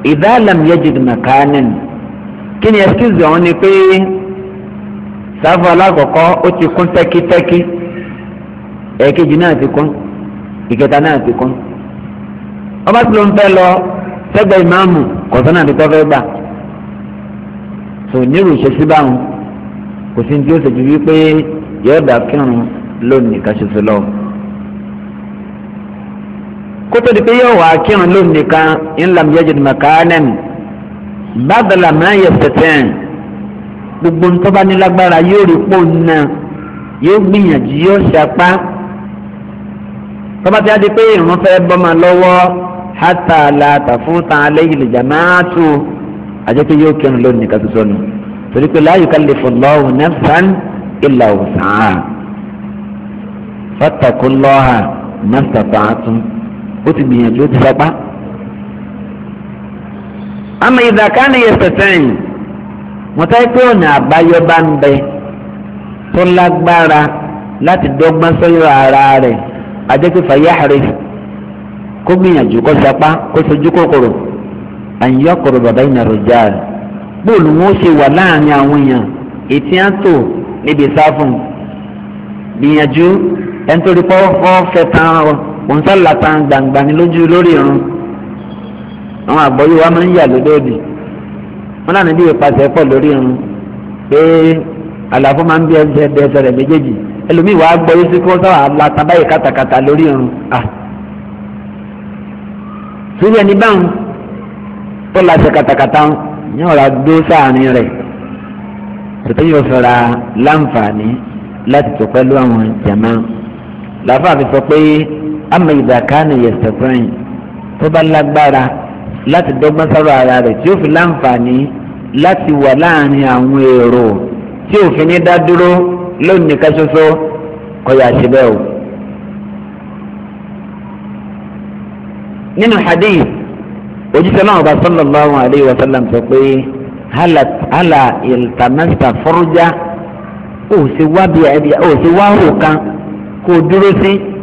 Speaker 1: idha lam yajid makanin kí ni excuse ọ̀hún ni pé sáfù alákọ̀ọ́kọ́ ó ti kún tẹ́kítẹ́kí ẹ̀ẹ́kejì náà ti kún ìkẹta náà ti kún ọba tí ló ń fẹ́ lọ sẹ́gbẹ̀ẹ́ ìmáàmù kọ̀sánà àti tọ́fẹ́ gbà tò nírú ìṣesí báwọn kò sí ní tí ó ṣèjú wípé yọ̀ọ́dà kírun lónìí kàṣẹ́sọ lọ́wọ́ kótó di pé yóò wá kírun lónìí nìkan ńlam yajid makanan bàdàlà máa yẹ sẹ̀tẹ̀n gbogbo ntọ́ba nílágbára yóò rí pò náà yóò gbìyànjú yóò ṣapá tọ́ba tí a di pé ìrún fẹ́ bọ́mọ lọ́wọ́ hátà làtà fún tàn aléyìn lè jàmáàtú àjẹpẹ́ yóò kírun lónìí nìkan tó sọnù torí pé la yukallifu Allahu nafsan illa wus'aha fattaqullaha mastata'tum ó ti gbìyànjú ó ti sapá. àmọ́ ìdàkánì yẹ pẹ̀tẹ́yìn wọ́n táyé pé ọ̀nà àbáyọ bá ń bẹ tó lágbára láti dọ́gbọ́n sọ́yọ́ ara rẹ̀ adékòfà yáhàrẹ̀ kó gbìyànjú kó sapá kó sojú kòkòrò àyìnyọ́ kòrò bàbá ìnàròjà rẹ̀ bóòlù wọn ó ṣe wà láàrin àwọn èèyàn ètí á tò níbi sáfún gbìyànjú ẹnitori kọ́ fọ́ fẹ́ tán ọ òun sálà tan gbangba ni lójú lórí irun àwọn àgbọ̀yé wa máa ń yà lódòdì wọn lànà bí ìpàṣẹ pọ̀ lórí irun pé àlàfo máa ń bí ẹsẹ̀ dẹ ẹsẹ̀ rẹ̀ méjèèjì ẹlòmíì wàá gbọ́ yóò sí kó sáwà latan báyìí kàtàkàtà lórí irun à síbẹ̀ ní báwọn tó láṣẹ kàtàkàtà ní ọ̀rá dó sáàrin rẹ̀ tètè yóò fẹ́ra láǹfààní láti tó pẹ̀lú àwọn jàmá làbá fi sọ pé ama ìdàkánu yẹsẹ̀fẹ́yìn tó bá lágbára láti dọ́gbọ́n sọ̀rọ̀ ara rẹ̀ tí ó fi láǹfààní láti wà láàrin àwọn èrò tí òfin ní dá dúró lónìí ká ṣoṣo kọyà síbẹ̀ o. nínú hadith òjíṣẹ́ náà ọba sallallahu alayhi wa sallam sọ pé hàlà ìltàmẹ́sà fọ́rọ́jà ó sì wá hù kan kó dúró sí. Si,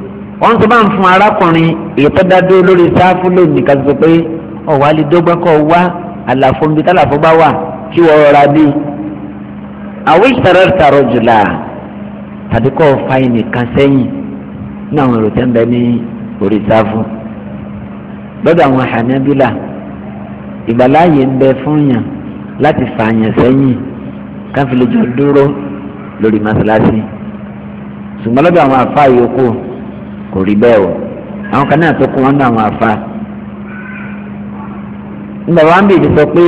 Speaker 1: wọ́n sọ bá ń fún arákùnrin èyí tó dá dúró lórí sáfù lónìí ká sọ pé ọ̀wá lè dọ́gba kọ́ wá àlàfo níbi tálàfo bá wà kí wọ́n rọra bí. àwọn ìṣẹ̀rẹ̀ ìtàrọ̀ jùlá tàbí kọ́ fa ẹnìkan sẹ́yìn ní àwọn èrò tẹ́ ń bẹ ní orí sáfù. lọ́dọ̀ àwọn Hanabila ìgbàláàyè ń bẹ fún yàn láti fààyàn sẹ́yìn káfílẹ̀ jọ dúró lórí mọ́sálásí ṣùgbọ́n lọ́dọ̀ àwọn àfáà yòókù kò rí bẹ́ẹ̀ o àwọn kan náà tó kún wọn náà wọn afa nígbà wọn bèbè sọ pé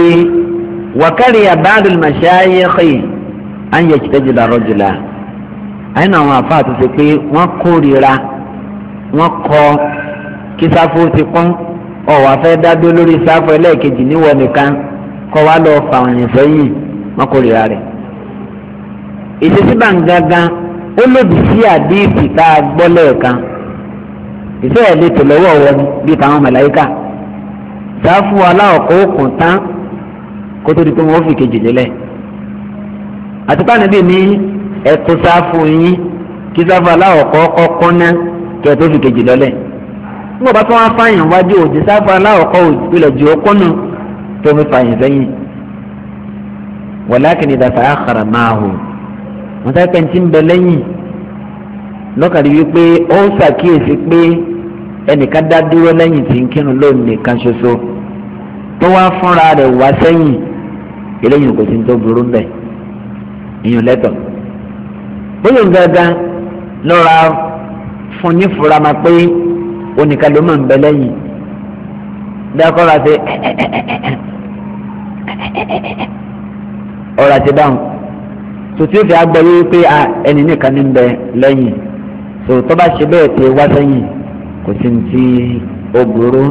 Speaker 1: wàkàrí àbáàdùn màṣáyéèkì jula àyìn afa ṣe pé wọ́n kórìíra wọ́n kọ kí ti kún wà afẹ́ dádó lórí sáfù ẹlẹ́ẹ̀kejì níwọ̀ nìkan kọ́ lọ fà wọ́n kórìíra rẹ̀ ìṣesí ó ìfẹ́ ẹ̀ lè tò lọ́wọ́ wọn bíi tàwọn màláíkà sáfù aláwọ̀kọ́ òkun tán kó tó di pé wọ́n fi kejì lélẹ̀ àti pàánù bíi ní ẹ̀tọ́ sáfù yín kí sáfù aláwọ̀kọ́ kọ́ kọ́ná kí ẹ̀ tó fi kejì lọ́lẹ̀ nígbà bá tó wá fàyàn wájú òjì sáfù aláwọ̀kọ́ ìpìlẹ̀ ju okónù tó fi fàyàn sẹ́yìn wọ̀láàkì ni ìdàtà àkàrà máa hù wọ́n sáré pẹ́ntì ń bẹ lẹ́yìn lọ́kàdí wípé ó ń ṣàkíyèsí pé ẹnìkan dá dúró lẹ́yìn tí ń kírun lóun nìkan ṣoṣo tó wá fúnra rẹ̀ wá sẹ́yìn eléyìí kò sí tó burú mbẹ̀ ìyún lẹ́tọ̀ bóyá gbẹ̀gàn lọ́ra fún ní fura ma pé oníkan ló máa ń bẹ lẹ́yìn dákọ́ra ṣe ọ̀rọ̀ àti dáhùn tòtí ó fi agbọ́ yé pé ẹni nìkan ní ń bẹ lẹ́yìn tòtọ́ bá ṣe bẹ́ẹ̀ tẹ wá sẹ́yìn kò sí ní tí ó burú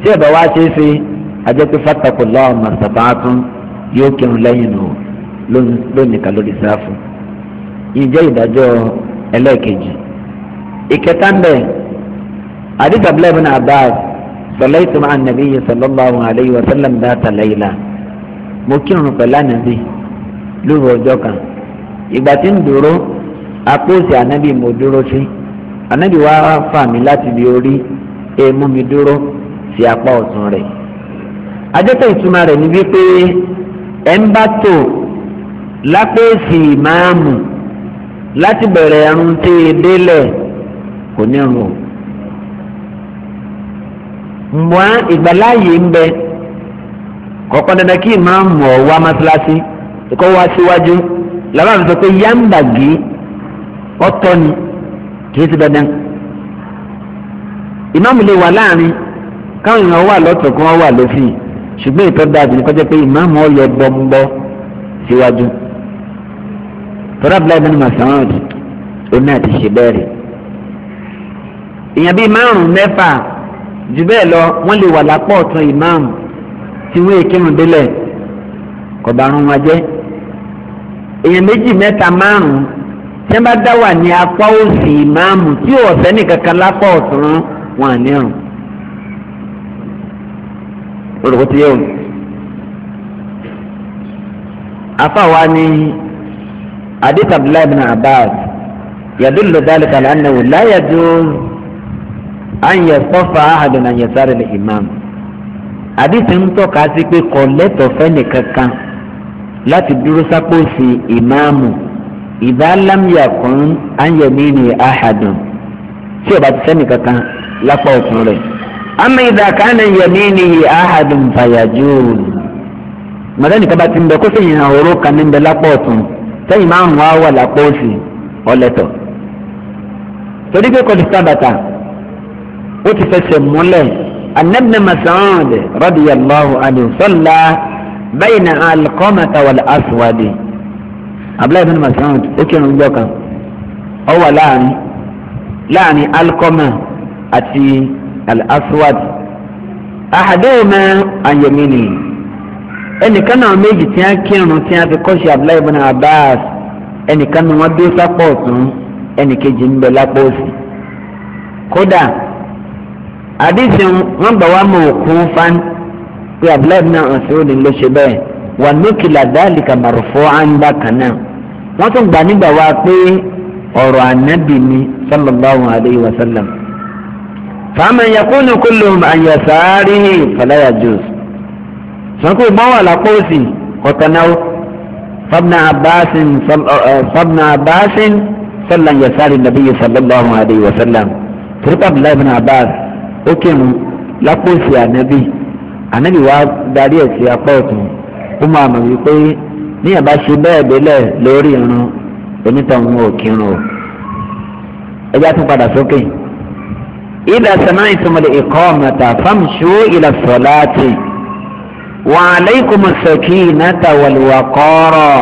Speaker 1: tí ẹ̀bà wá ṣe é ṣe ajẹ́pẹ́ fàtàkùlọ́ màsàbáàtún yóò kírun lẹ́yìn nù lónìkan lórí sáfù yìí jẹ́ ìdájọ́ ẹlẹ́ẹ̀kejì ìkẹta ń bẹ̀ àdìgbà bílẹ̀bù náà bá a sọlẹ́tù máa nàbí yìí sallallahu alayhi wa sallam dáta la. mo kírun pẹ̀lú ànábì lóru ọjọ́ kan ìgbà tí ń dúró apóòsì ànábì mo dúró sí anabi wa fà mí láti bí orí ẹ mú mi dúró sí apá ọ̀tún rẹ̀ ajẹ́pẹ́ ìtumọ̀ rẹ̀ ni wípé ẹ̀ ń bá tò lápẹ́ẹ̀sì ìmáàmù láti bẹ̀rẹ̀ ẹ̀rùn tí e délẹ̀ kò ní rùn. mùá ìgbàláyè ń bẹ kọ̀ọ̀kan dandan kí ìmáàmù ọ̀ wá kó wá síwájú làwọn àti sọ pé yáǹbàgì ọ̀tọ̀ ni kìí sí dandan ìmáàmù le wà láàrin káwọn èèyàn wà lọ́tọ̀ kí wọ́n wà lófin ṣùgbọ́n ìtọ́ da àdìní kọjá pé ìmáàmù ọ̀yọ́ gbọ́ngbọ́ síwájú tọ́lá bíláì bẹ́ẹ̀ ni Mas'ud oní àti ṣe bẹ́ẹ̀ rè èèyàn bíi márùn-ún mẹ́fà jù bẹ́ẹ̀ lọ wọ́n lè wà lápọ̀ ọ̀tún ìmáàmù tí wọ́n èkérùn délẹ̀ kọ̀bárùn-ún wájẹ́ èèyàn méjì mẹ́ta márùn-ún tí wọ́n bá dá wà ní apá òsì ìmáàmù tí ò sẹ́ni kankan lápá ọ̀tún wọn ní ọ̀run. olùkó ti yẹ o. afa wa ni adith abdullahi bin abbas yadullu dhalika ala annahu la yajuz an yasaffa ahadun an yasari li imam. adith ń tọ́ka sí pé kò lẹ́tọ̀ọ́ fẹ́ni kankan láti dúró sápò sí ìmáàmù idha lam yakun an yamini ahadun tí o bá ti sẹ́ni kankan lápá ọ̀tún rẹ̀ amma idha kana yamini ahadun fayajuz mọ̀lẹ́ni kan bá ti ń bẹ kó sẹ́yìn àwòrán kan ní bẹ lápá ọ̀tún sẹ́yìn máa ń wá wà lápá òsì ọ̀lẹ́tọ̀ torí pé kọ́ni sábàtà ó ti fẹsẹ̀ múlẹ̀ anabna Mas'ud radiyallahu anhu salla bayna alqamata wal aswadi abdullahi bin masoud ó kírun gbọ́ kan ó wà láàrin láàrin alkoma àti al-aswad ahadéèmẹ ayẹmínì ẹnìkan náà méjì tí a kírun tí a fi kọ́ṣe abdullahi bin abbas ẹnìkan náà wọ́n dé sápò ọ̀tún ẹnìkejì ń bẹ lápò òsì kódà àdìsí wọn gbà wá mọ̀ òkú fán pé abdullahi bin masoud ló ṣe bẹ́ẹ̀ wà nukila dhalika marfu'an bákan náà wọ́n tún gbà nígbà wá pé ọ̀rọ̀ ànábì ni sallallahu alayhi wa sallam. fàmà yakunu kulluhum an yasarihi fala yajuz. sọ́kù ìmọ̀wà làkóòsì kọ̀tànáwó fabna abbasin fabna abbasin sallan yasari nabiyyi sallallahu alayhi wa sallam. turka abdullahi bin abbas ó kírun làkóòsì ànábì ànábì wa darí ẹ̀ sí apá ọ̀tún ó máa mọ̀ wípé níyàn bá ṣe bẹ́ẹ̀ délẹ̀ lórí irun onítọ̀hún ò kírun o ẹjá tún padà sókè ìdá sàmáì tòmọlẹ ìkọ́ ọ̀mọ̀ta fámṣú ìlà sọ̀láàtì wà aláìkùmọ̀ sọ̀kì náta wàlúwà kọ́rọ̀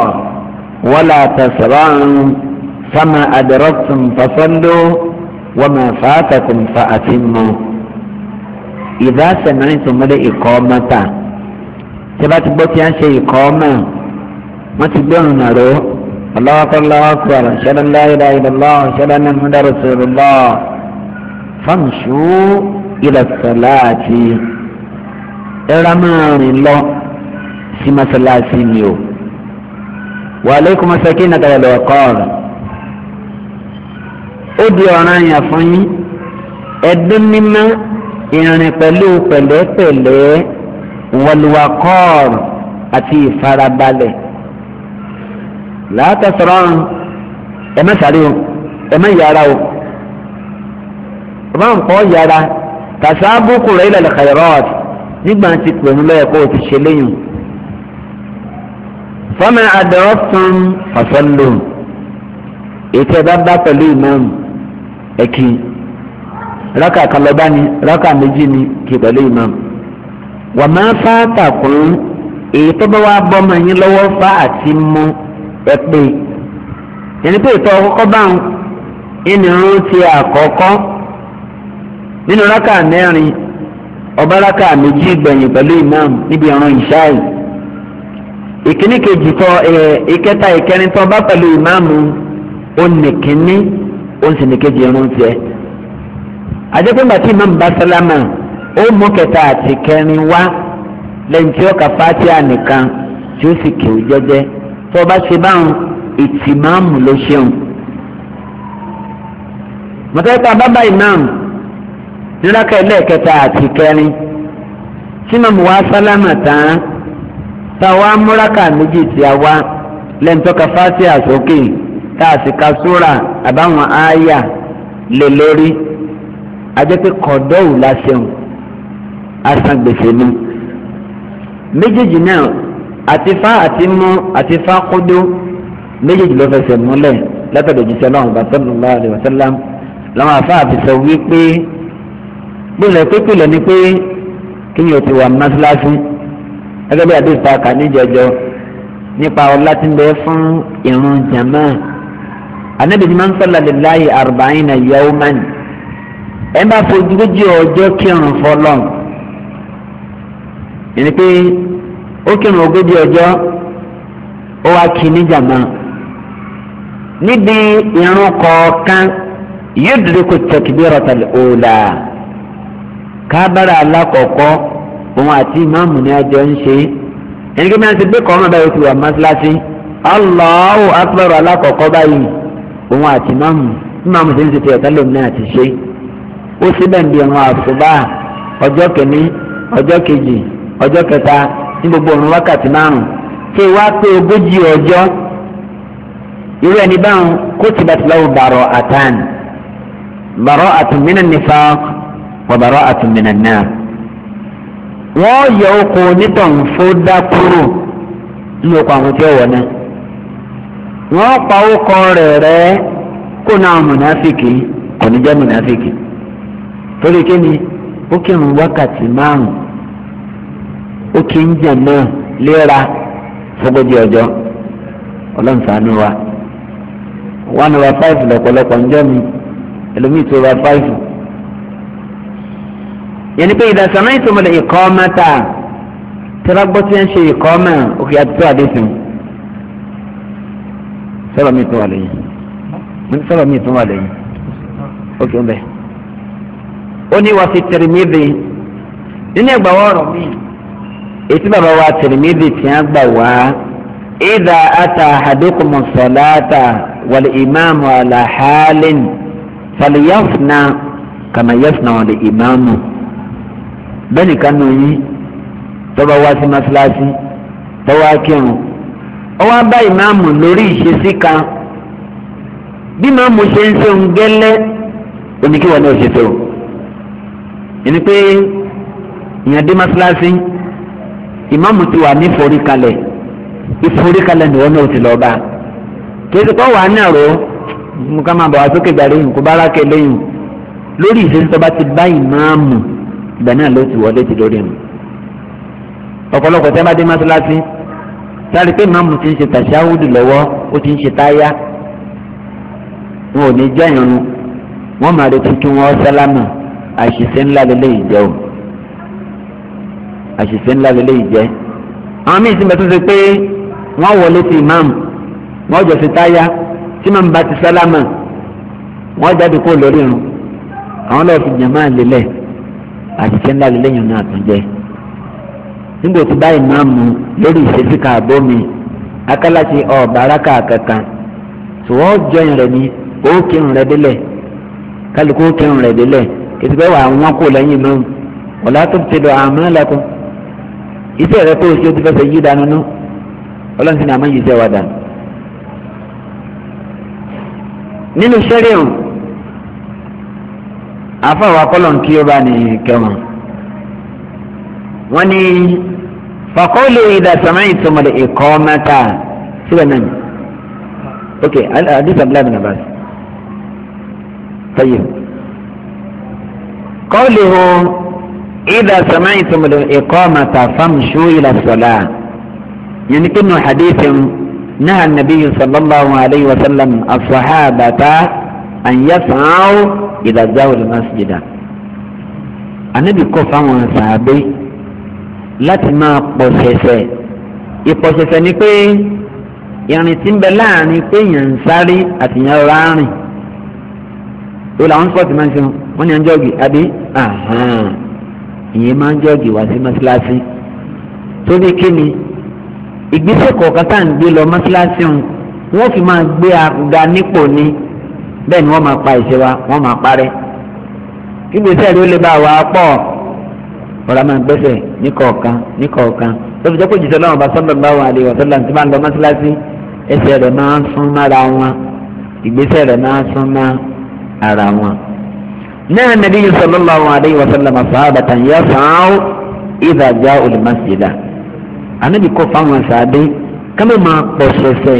Speaker 1: wàlà tàṣàbáhùn fama àdìrọ́tùm fasallu wàmà fàtàkùm fàtìmù ìdá sàmáì tòmọlẹ ìkọ́ ọ̀mọ̀ta tẹ́bá ti gbọ́ tí a ń ṣe ìkọ́ ọmọ wọ́n ti gbé ọ̀nà ró aláwọ̀kọ́láwọ̀kọ́ ṣẹlẹ́láyìlá ìlọ́lá ṣẹlẹ́nà mọ́dàrúsọ̀rọ̀lá fáǹṣù ìlọ̀sọ̀láàtì ẹ̀rọ máa rìn lọ sí mọ́sálásí mi o wà lẹ́kùn mọ́sákì náà kàlẹ́ lọ́kọ́ rẹ̀ ó di ọ̀ràn yà fún yín ẹ̀dín mímọ́ ìrìn pẹ̀lú pẹ̀lẹ́pẹ̀lẹ́ wal-waqār àti ìfarabalẹ̀ la tasra'u ẹ má sáré o ẹ má yára o ọba nǹkan yára tasābuqu ila al-khayrāt nígbà tí pẹ̀lú lọ́yẹ̀ kó o ti ṣe léyìn fama adraktum fasallu ètò ẹ̀bá bá pẹ̀lú ìmáàmù ẹ̀kì rákà kan lọ́ba ni rákà méjì ni kì pẹ̀lú ìmáàmù wà máa fà tàkùn èyí tó bá wàá bọ́ ọmọ yín lọ́wọ́ fà àti mú ẹ pé yẹn pé ìtọ́ àkọ́kọ́ bá ń ẹnì rún ti àkọ́kọ́ nínú rákà mẹ́rin ọba rákà méjì gbẹ̀yìn pẹ̀lú imam níbi ọ̀ràn ìṣáì ìkíní kejì tọ ẹ ìkẹta ìkẹrin tọ bá pẹ̀lú imam onìkíní onìkejì rún tiẹ̀ àdékùnbà tí imam bá sálámà ó mú kẹta àti kẹrin wá lẹ́yìn tí ó ka fatia nìkan tí ó sì kéwú jẹ́jẹ́ tó o bá ṣe báwọn ìtìmáàmù ló ṣeun. mọ̀tẹ́tà bàbá imam níraka ẹlẹ́ẹ̀kẹta àti kẹrin tí màmú wa sálámà tán táwa múraka méjì tí a wá lẹ́yìn tó ka fatia sókè tá a sì ka súra àbáwọn àáyà lè lórí ajẹ́ pé kọ̀dọ́wù la ṣeun asan gbèsè mu méjèèjì náà àti fa àti mú àti fa kúdú méjèèjì ló fẹsẹ̀ múlẹ̀ látọ̀dọ̀ jíṣẹ́ náà ọba sallallahu alaihi wasallam làwọn afa àfisọ wípé gbọ́dọ̀ pípìlẹ̀ ni pé kí ni o ti wà mọ́sálásí gẹ́gẹ́ bí àdéhùn pàákà níjẹjọ nípa ọlá tí ń bẹ fún ìrun jàmá Ànábì ni man salla lillahi arba'ina yawman ẹ bá fojú lójú ọjọ́ kírun fọlọ́n. yẹn pé ó kírun ogójì ọjọ́ ó wá kí níjàmá níbi irun kọ̀ọ̀kan yóò dúró kó takbiratul ula kábàrà alákọ̀ọ́kọ́ òun àti ìmáàmù ni àjọ ń ṣe pé ti gbé báyìí wà alákọ̀ọ́kọ́ báyìí òun àti ìmáàmù ìmáàmù ti ń ṣe tiẹ̀ tẹ́lẹ̀ òun náà ṣe ó síbẹ̀ ń bí irun àsùbá ọjọ́ ọjọ́ kejì ọjọ́ kẹta ní gbogbo òun wákàtí márùn tí wàá pé ogójì ọjọ́ irú ẹni báwọn kó tìbàtìláwò bàrọ àtàn bàrọ àtùmínà nífà wà bàrọ àtùmínà náà wọ́n yọ oko onítọ̀hún fódà kúrò nínú oko àwọn tí ó wọ̀ náà wọ́n pa oko rẹ̀ rẹ́ kó náà mùnáfìkì kò ní jẹ́ mùnáfìkì torí kí ni ó kírun wákàtí márùn-ún ó kì í jẹ̀ náà léra fógójì ọjọ́ ọlọ́nfààní wa one over five lọ́pọ̀lọpọ̀ ń jọ́ mi ẹlòmíì two over five. yẹn ni pé ìdásánà ìtòmọ̀lẹ̀ ìkọ́ mẹ́ta tẹ́lágbọ́ tí ń ṣe ìkọ́ mẹ́ òkè àtúntò àdéhùn sọ̀rọ̀ mi tún wà lẹ́yìn sọ̀rọ̀ mi tún wà lẹ́yìn ok ń bẹ̀. ó ní wàá fi Tirmidhi nínú ẹgbàá ọ̀rọ̀ mi ètí bàbá wa Tirmidhi tí a gbà wá ìdá ata àdékùmọ̀ sọ̀láàtà wàlẹ̀ ìmáàmù àlàhálìn fàlìyàfúnà kàmáyàfúnà wàlẹ̀ ìmáàmù. bẹ́ẹ̀ nìkan nù yín tọ́ba wá sí mọ́sálásí tọ́wọ́ akírun ó wá bá ìmáàmù lórí ìṣesí kan bí ìmáàmù ṣe ń ṣe ń gẹ́lẹ́ oníkíwọ́n náà ṣe tó. ẹni pé ìyàn dé ìmáàmù ti wà ní ìforíkalẹ̀ ìforíkalẹ̀ ni wọ́n náà ti lọ́ọ́ bá kìí sọ́kọ́ wà á náà rò ó ká máa bọ̀ wá sókè gbàrẹ́ yìí kó bá rákẹ́ lẹ́yìn lórí ìṣesíṣọ́ bá ti bá ìmáàmù ìgbà náà ló ti wọlé ti lórí mu ọ̀pọ̀lọpọ̀ tẹ́ bá dé mọ́ṣáláṣí sáré pé ìmáàmù ti ń ṣe tàṣáwùdù lọ́wọ́ ó ti ń ṣe táyà wọn ò ní jẹ́ ìrun wọ́n máa retí kí wọ́n sálámà àṣìṣe ńlá lélẹ́yìí jẹ́ àṣìṣe ńlá lélẹ́yìí jẹ́ àwọn míì sì mẹ́tọ́ sọ pé wọ́n wọlé ti imam wọ́n jọ sí táyà tí màmú bá ti sálámà wọ́n jáde kó lórí irun àwọn lọ́ọ̀ fi jàmáà lélẹ̀ àṣìṣe ńlá lélẹ́yìn náà tún jẹ́ nígbà tí bá imam lórí ìṣesí káàbọ̀ mi akálàṣe ọ̀bà aráka kankan wọ́n jọ ìrẹ̀ ni ó kírun rẹ̀ délẹ̀ kálukú kírun rẹ̀ délẹ̀ kìtìbẹ́ wà wọ́n lẹ́yìn imam wọ́n látọ̀ tẹ̀lé àmọ́ lẹ́kọ̀ọ́ iṣẹ́ rẹ tó o ṣe o ti fẹsẹ̀ yí dànù nù ọlọ́run sì ní àmọ́ yìí iṣẹ́ wa dànù. nínú sẹ́ríọ̀n àfọwọ́ akọ́lọ̀n kí ó bá ní kẹwọn wọ́n ní fàkọ́lù ìdàtàmẹ́ ìtumọ̀lẹ̀ ẹ̀kọ́ mẹ́ta síbẹ̀ náà ok adisa abdullahi bin abbas tayyib qawluhu ìdá sàmáyì tòmọdé ẹ̀kọ́ màtà fámṣú ìlà sọ̀lá yẹn ni kínú hadithin náà nàbí sallallahu alayhi wa sallam asọ̀hábàtà ànyàfàáwò ìdàgbàwò lè masjidà. ànábì kọ́ fáwọn sàábé láti máa pọ̀ ṣẹ̀ṣẹ̀ ìpọ̀ṣẹ̀ṣẹ̀ ni pé ìrìn tí ń bẹ láàrin pé èèyàn ń sáré àti èèyàn rọra rìn ó làwọn spọ́ọ̀tì máa ń ṣe wọn ní ọjọ́ ìyẹn máa ń jọ́ọ̀gì wá sí mọ́sálásí torí kíni ìgbésẹ̀ kọ̀ọ̀kan tá à ń gbé lọ mọ́sálásí òun wọ́n fi máa gbé àga nípò ni bẹ́ẹ̀ ni wọ́n máa pa ìṣe wa wọ́n máa parẹ́ ìgbésẹ̀ ló lè bá wa pọ̀ ọ̀rọ̀ máa gbẹ́sẹ̀ ní kọ̀ọ̀kan ní kọ̀ọ̀kan tó fi jẹ́ kó jìṣẹ́ lọ́wọ́ bá sọ́dọ̀ bá wà lè wà sọ́dọ̀ tí máa ń lọ mọ́sálásí ẹsẹ̀ rẹ̀ máa ń sún mára wọn ìgbésẹ̀ rẹ̀ máa ń sún má wọn náà nàbí sallallahu alayhi wa sallam sàábàtàn yá sàáwó ìdá já olùmọ̀sídà ànábì kọ́ fáwọn sàábé kámi máa pọ̀ ṣẹṣẹ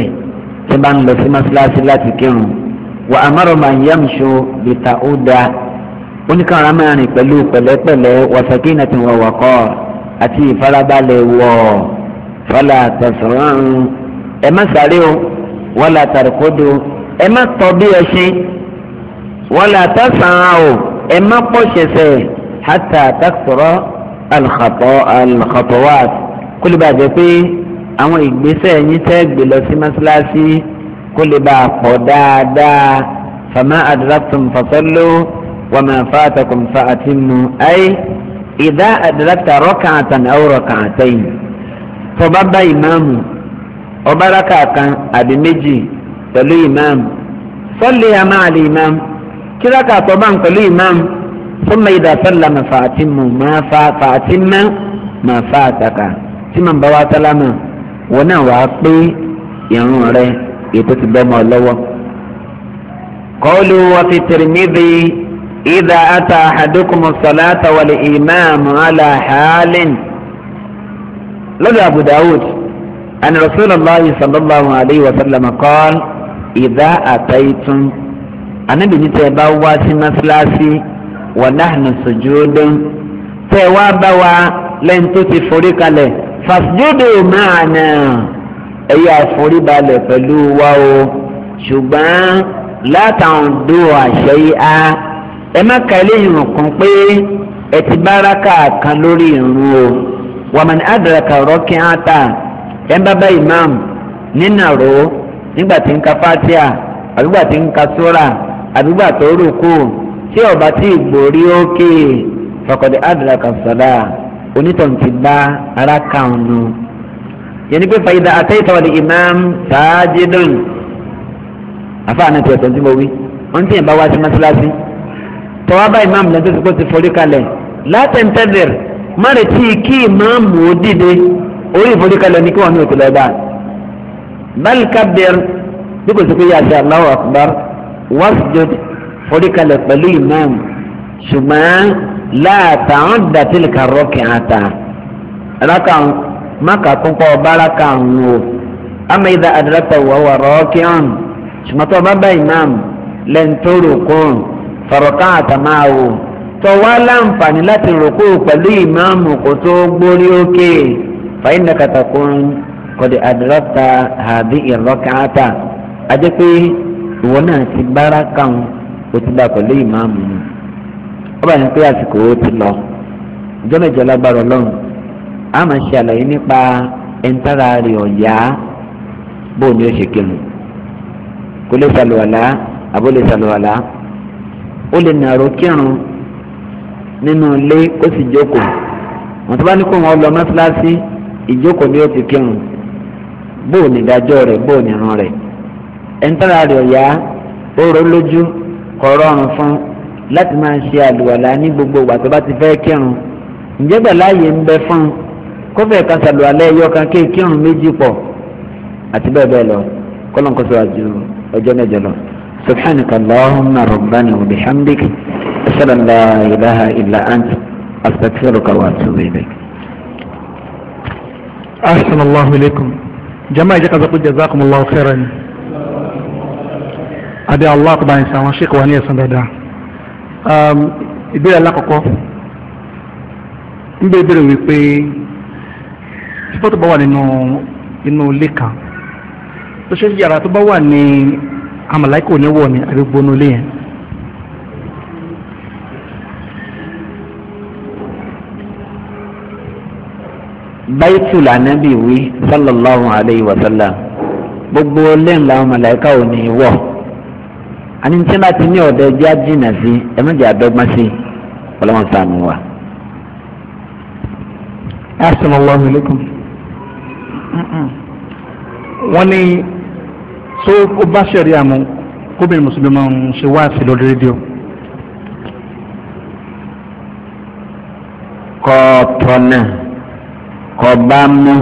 Speaker 1: tí bá ń lọ sí mọ́ṣáláṣí láti kírun wà amara man yamshu bita'uda oníkàrà máa rìn pẹ̀lú pẹ̀lẹ́pẹ̀lẹ́ wa sakinatin wa waqar àti ìfarabalẹ̀ wọ̀ fala tasra'u ẹ má sáré o wala tarkudu ẹ má tọ́ bí ẹ ṣe wala tas'au ẹ má pọ̀ṣẹ̀ṣẹ̀ hatta takthura al-khatawat kó lè bá jẹ́ pé àwọn ìgbésẹ̀ yín tẹ́ gbé lọ sí mọ́ṣáláṣí kó lè bá pọ̀ dáadáa fama adraktum fasallu wa ma fatakum fa atimmu ay idha adrakta rak'atan aw rak'atayn tó bá ìmáàmù ọba kan àbí méjì pẹ̀lú ìmáàmù salliha ma'a al-imam kíláàkà tó bá ń pẹ̀lú imam thumma idha sallama fàtìmù máa fa fàtìmù máa fa àtàkà tí màá bá wá sálámà wọn náà wàá pé ìrun rẹ ètò ti bẹ́ mọ́ ọ lọ́wọ́. قوله وفي الترمذي إذا أتى أحدكم الصلاة والإمام على حال لدى أبو داود أن رسول الله صلى الله عليه وسلم قال إذا أتيتم anabi ní tẹ́ ẹ bá wá sí mọ́sálásí wa nahnu sujudun tẹ́ ẹ wá bá wa lẹ́yìn tó ti forí kalẹ̀ fasjudu ma'ana ẹ̀yẹ àforíbalẹ̀ pẹ̀lú wa o ṣùgbọ́n látàn do àṣẹ a ẹ má ka eléyìí kan pé ẹ ti báraka kan lórí ìrun o wàmán adraka raki'ata ẹ bá bá imam nínàró nígbà tí ń ka fatia àbígbà tí ń ka sura àdúgbà tó rù kù tí ọba tí ìgbòrí òkè fọkọdé adraka sọlá onítọ̀ ti bá ara kàùnù yẹnni pé fàyídà àtẹ́yìtọ̀ wàlẹ̀ imam sàájẹ́dọ̀n àfààní ti ọ̀tọ̀ tí mo wí wọ́n ti yẹn bá wá sí mọ́sálásí tọ́wọ́ bá imam lọ́jọ́ tó kó ti forí kalẹ̀ látẹ̀ntẹ́dẹ̀r má retí kí imam ò dìde orí ìforí kalẹ̀ ní kí wọ́n ní òkè lọ́gbà bal kabbir bí kò sí pé yà á ṣe wasjud foríkalẹ̀ pẹ̀lú imam ṣùgbọ́n láàtà ń dàtílì kàrọ́ọ̀kì àtà rákà máka kúkọ́ báraka ń wò amẹ́dá àdúrátà wàwà rọ́ọ̀kì ọ̀n ṣùgbọ́n tó bábá imam lẹ́ńtóró kún fọ̀rọ̀kà àtàmáwò tó wá láǹfààní láti rúkú pẹ̀lú imam kò tó gbórí òkè fàyínà kàtàkùn kọ̀dé àdúrátà àbí ìrọ́kà àtà àdépé ìwọ náà ti bára káwọn o ti bá pẹ̀lú ìmáàmù ni ó bá yẹn pé àsìkò ó ti lọ ìjọ mẹ́jọ lágbára Ọlọ́run a máa ṣe àlàyé nípa ẹntara rẹ̀ ọ̀yá bó ni ó ṣe kírun kò lè ṣàlùwàlá àbó lè ṣàlùwàlá ó lè nàró kírun nínú ilé ó sì jókòó wọn tó bá ní kó wọn lọ mọ́ṣáláṣí ìjókòó ni ó ti kírun bó ni ìdájọ́ rẹ̀ bó ni irun rẹ̀. ẹ̀ńtọ́ra rẹ̀ yá oró lójú kọ̀ọ̀rọ̀ ọ̀run fún láti máa ṣe àlùwàlà ní gbogbo ìgbà tó bá ti fẹ́ kírun ǹjẹ́ gbà ń bẹ fún un kófẹ́ kan ṣàlùwàlà ẹyọ kan kí kírun méjì pọ̀ àti bẹ́ẹ̀ bẹ́ẹ̀ lọ kọ́lọ́n kọ́sọ́ àjù ọjọ́ mẹ́jọ lọ. سبحانك اللهم ربنا وبحمدك أشهد أن لا إله إلا أنت أستغفرك وأتوب إليك
Speaker 2: adé allah kò bá àwọn sheikh wa ní ẹ̀sán dáadáa um, ìbéèrè alákọ̀ọ́kọ́ ń bẹ́ẹ̀ wípé títọ́ tó bá wà nínú inú ilé kan tó ṣe yàrá tó bá wà ní amàláìkò oníwọ̀ ní àdúgbò ilé yẹn.
Speaker 1: báyìí wí sallallahu gbogbo lẹ́yìn làwọn ò ní àní tí bá ti ní ọ̀dọ̀ ẹjẹ́ àjìnà sí ẹ má jẹ́ àdọ́gbọ́n sí ọlọ́wọ́n sànù wa.
Speaker 2: asalaamu alaykum wọ́n ní tó o bá ṣẹ̀rí àmú kóbìnrin mùsùlùmí ń ṣe wáàsí lórí rédíò.
Speaker 1: kọ́ tọ́nà kọ́ bá mú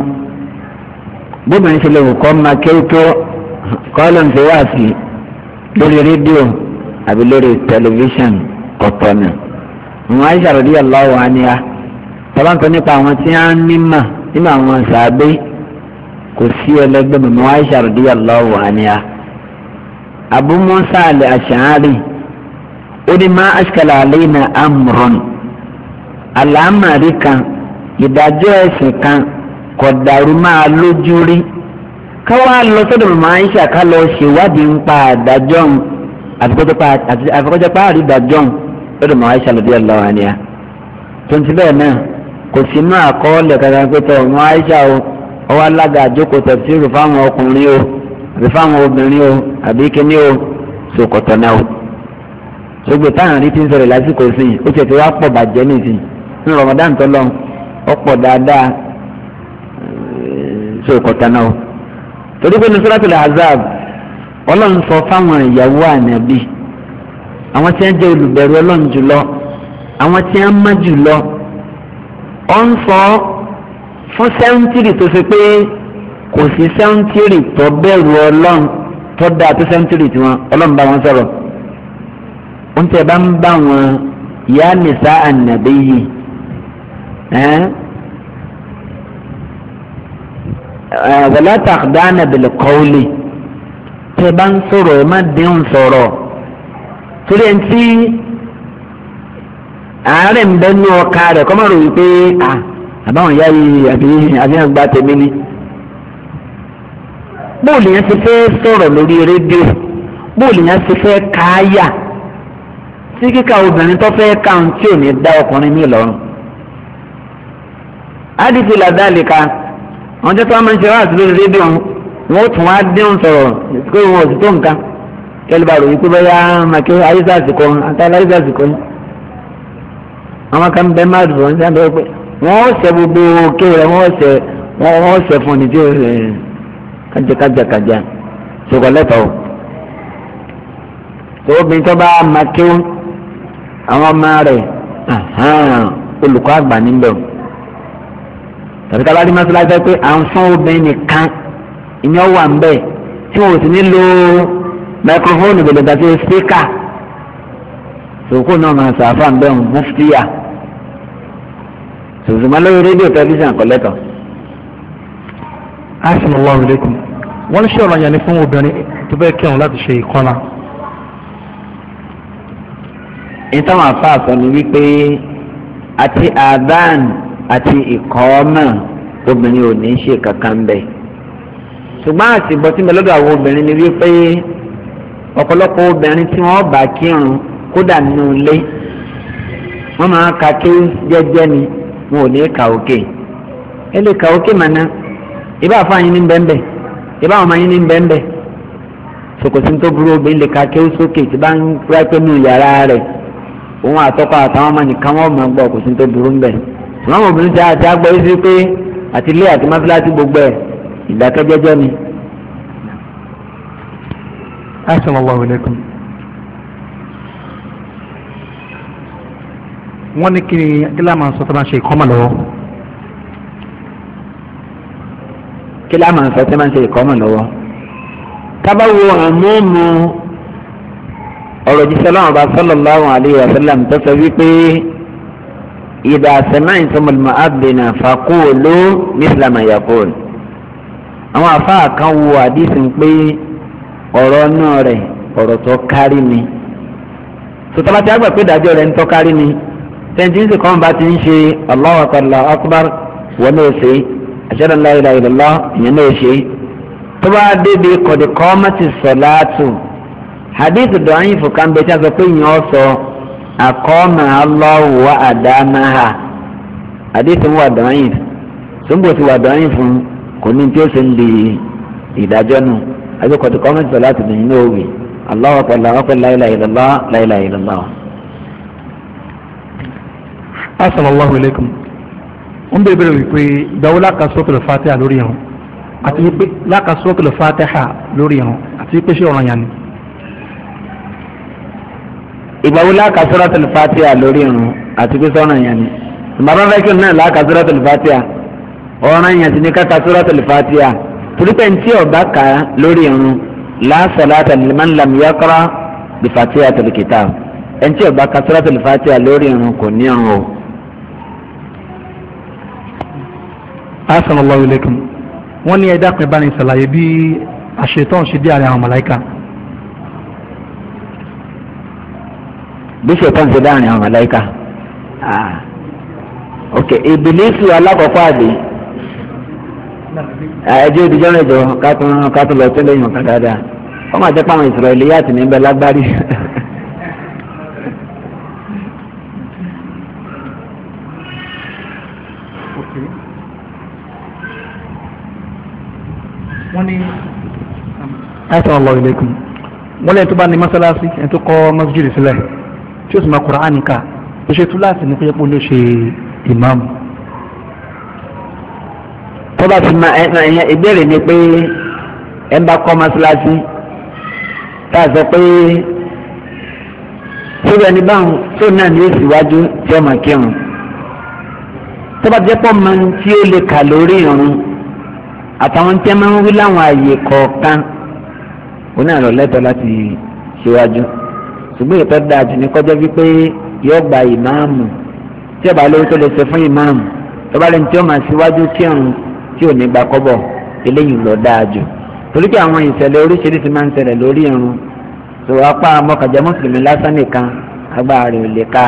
Speaker 1: bóbìnrin ṣe lè wò kọ́ máa kéwòtó kọ́ ló ń ṣe wáàsí lórí rédíò àbí lórí tẹlifíṣàn ọ̀tọ̀ náà àwọn Aisha radiyallahu anha tọ́lántọ́ nípa àwọn tí wọ́n ní mà nínú àwọn sàábé kò sí ẹlẹgbẹ́ mọ̀mọ́ Aisha radiyallahu anha Abu Musa al-Ash'ari ó ní má ashkala alayna amrun àlámàrí kan ìdájọ́ ẹ̀sìn kan kò máa lójú rí ká wá lọ sọ́dọ̀ màmá Aisha ká lọ ṣèwádìí ń pa àdájọ́ àfikọ́jọ́ pa àrí ìdájọ́ lọ́dọ̀ màmá Aisha radiyallahu anha tó ń ti bẹ́ẹ̀ náà kò sí inú àkọọ́lẹ̀ kankan pé tọ́ màmá Aisha o ọwọ́ alága àjókòó tẹ̀síìrù fáwọn ọkùnrin o àbí fáwọn obìnrin o àbí kíní o sòkòtò náà o sogbe táwọn rí ti ń sọ̀rọ̀ lásìkò sí i ó ti ti wá pọ̀ bàjẹ́ nìsín ní Ramadan tó lọ torí pé nusratul azab ọlọ́run sọ fáwọn ìyàwó ànábì àwọn tí wọ́n jẹ́ olùbẹ̀rù ọlọ́run jùlọ àwọn tí wọ́n má jùlọ ọ ń sọ fún sẹ́ńtírì tó ṣe pé kò sí sẹ́ńtírì tó bẹ̀rù ọlọ́run tó dáa tó sẹ́ńtírì tí wọn ọlọ́run bá wọn sọ̀rọ̀ oúnjẹ bá ń bá wọn yá nìsa ànábì yìí. Eh, wala takhdana bil qawli tẹ bá ń sọ̀rọ̀ ẹ má dín sọ̀rọ̀ torí ẹ ti àárẹ̀ ń bẹ ní ọkà rẹ̀ kọ́ máa rò wípé àbáwọn ìyá yìí àbí àfihàn gba tèmi ni. bóòlù yẹn ti fẹ́ sọ̀rọ̀ lórí rédíò bóòlù yẹn ti fẹ́ káyà tí kíkà obìnrin tó fẹ́ káwọn tí ò ní dá ọkùnrin mi lọ́rùn. adìsí làdá lè ka àwọn tó tó máa ń ṣe wáàsí lórí rédíò wọn ó tún wá dín sọ̀rọ̀ pé wọn ò sì tó nǹkan kẹlẹ́bà ròyìn pé bóyá màkì ayíṣà àsìkò àtàlà ayíṣà àsìkò yìí àwọn kan bẹ má dùn wọn sábẹ́ pé wọn ó ṣe gbogbo òkè rẹ wọn ó ṣe wọn ó ṣe fún ní tí ó rẹ kájàkájàkájà ṣùgbọ́ lẹ́tọ̀ọ́ tó obìnrin tó bá màkì àwọn ọmọ rẹ̀ olùkọ́ àgbà níbẹ̀ o tàbí ká bá rí mọ́sálásí pé à ń fún obìnrin nìkan ìyẹn wà ń bẹ̀ tí wọn ò sì ní lo microphone gbèlè tàbí speaker sòkò náà máa sàáfà ń bẹ̀ ń muftiya sòsùmọ́ lórí rédíò tẹlifíṣàn kọ́lẹ́tọ̀.
Speaker 2: asalaamu alaykum wọ́n ṣe ọ̀rọ̀ yẹn fún obìnrin tó bẹ́ẹ̀ kẹ́hùn láti ṣe ìkọ́nà.
Speaker 1: ìtàn àfa àsọ ni wípé àti àdáàn. àti ìkọ́ọ́mà obìnrin ò ní í ṣe kankan bẹ́ẹ̀. ṣùgbọ́n àtìgbọ́ tí mo lọ́dọ̀ àwọn obìnrin ni wípé ọ̀pọ̀lọpọ̀ obìnrin tí wọ́n bá kírun kódà nínú ilé wọ́n máa ka kéwú jẹ́jẹ́ ni wọn ò ní ka òkè ẹ lè ka òkè màná ìbá àfáàyín ní bẹ́ẹ̀nbẹ́ ìbá àwọn ọmọyín ní bẹ́ẹ̀nbẹ́ sokosi tó burú obìnrin ka sókè tí bá ń nù yàrá rẹ̀ òun àtọ́kọ àtàwọn ọmọ nìkan wọ́n gbọ́ ìmáàmù obìnrin ti àti agbọ́ yìí sí pé àti ilé àti mọ́sálásí gbogbo ẹ̀ ìdákẹ́jẹ́jẹ́ ni.
Speaker 2: asalaamu alaykum. wọ́n ní kí ni kílá máa ń sọ tó máa ń ṣe ìkọ́mọ̀ lọ́wọ́. kílá máa ń sọ tó máa ṣe ìkọ́mọ̀
Speaker 1: lọ́wọ́. tábàwò àmúmu ọ̀rọ̀ jíṣẹ́ láwọn ọba sallallahu alayhi wa sallam tó sọ wípé. إذا سمعتم mọ̀lmọ́àbìnà fàkóòló mísìlámà yàkóòl. يقول أما kan wo àdìsí pé ọ̀rọ̀ náà rẹ̀ ọ̀rọ̀ tó kárí ni. sọtọ́lá ti àgbà pé ìdájọ́ rẹ̀ ń tọ́ kárí ni. tẹ̀síǹsì kan bá ti ń ṣe Allahu Akbar akbar wọn náà ṣe ashhadu an la ilaha ìyẹn náà ṣe. tó bá débi kọ̀dìkọ́ mọ́tì sọ̀láàtù hadith dọ̀ọ́yìn fòkànbẹ́ tí a sọ pé ìyẹn ọ̀ sọ àkọ́ọ̀mà Allahu wa àdámáha àdéhùn wà dọ́yìn sóńgbò ti wà dọ́yìn fún kò ní tí ó sì ń di ìdájọ́ nù àbíkọ̀tù kọ́mẹ́tì sọ láti dùn ní òwe Allahu akbar Allahu akbar la ilaha illallah la ilaha
Speaker 2: illallah. asalaamu alaykum ń bẹ bẹ̀rẹ̀ wípé ìgbàwó láka fatiha lórí ẹ̀hún àti wípé láka sọ́kìlì fatiha lórí ẹ̀hún àti wípé ṣé ọ̀ràn
Speaker 1: ìgbàwó láka Suratul Fatiha lórí irun àti pé sọ́ràn yẹn ni bàbá fẹ́ kí n náà láka Suratul Fatiha ọ̀ràn yẹn ti ní káka Suratul Fatiha torípé ntí ọba kà á lórí irun la salata liman lam yaqra ntí ọba ka Suratul lórí irun kò ní irun o.
Speaker 2: Assalamu alaikum ní ẹ̀dá pẹ̀ bá ní sàlàyé bí àṣetán ṣe dé àárín àwọn màláìka.
Speaker 1: bí ṣètàn ṣe dáhùn àwọn màláíkà ah. ok ìbílísù alákọ̀ọ́kọ́ àbí ah, ẹjọ́ ìdíjọ́ rẹ̀ jọ kátó lọ sílẹ̀ yìí kan dáadáa wọ́n máa jẹ́ pàwọn ìṣòro ilé yàtì níbẹ̀ lágbárí.
Speaker 2: wọ́n ní. ẹ sọ̀rọ̀ lọ ilé kun wọ́n lẹ́yìn tó bá ní mọ́sálásí ẹ̀ tó kọ́ mọ́síjìrì sílẹ̀ tí ó sì máa Kùránì ká ó ṣe túláàsì ní pé ló ṣe ìmáàmù.
Speaker 1: tó bá ti máa ẹ ìbéèrè ni pé ẹ ń bá kọ́ mọ́ṣáláṣí tá a sọ pé síbẹ̀ ní báwọn tó náà ní èsì iwájú tí ẹ máa kírun tó bá jẹ́ pọ̀ máa ń tí ó lè kà lórí irun àtàwọn tí ẹ máa ń wí láwọn àyè kọ̀ọ̀kan oní àlọ́ lẹ́tọ̀ọ́ láti ṣíwájú. Si ṣùgbọ́n ìtọ́ dáa jù ní kọjá wípé yóò gba ìmáàmù tí ọba lórí tó lè ṣe fún ìmáàmù tọ́ba lẹ́nu tí ó máa ṣíwájú kírun tí ò ní gba kọ́bọ̀ eléyìí lọ dáa jù torí pé àwọn ìṣẹ̀lẹ̀ oríṣiríṣi máa ń ṣẹlẹ̀ lórí irun tó apá mọ́kànjá mùsùlùmí lásán nìkan agbára rẹ̀ ò lè ka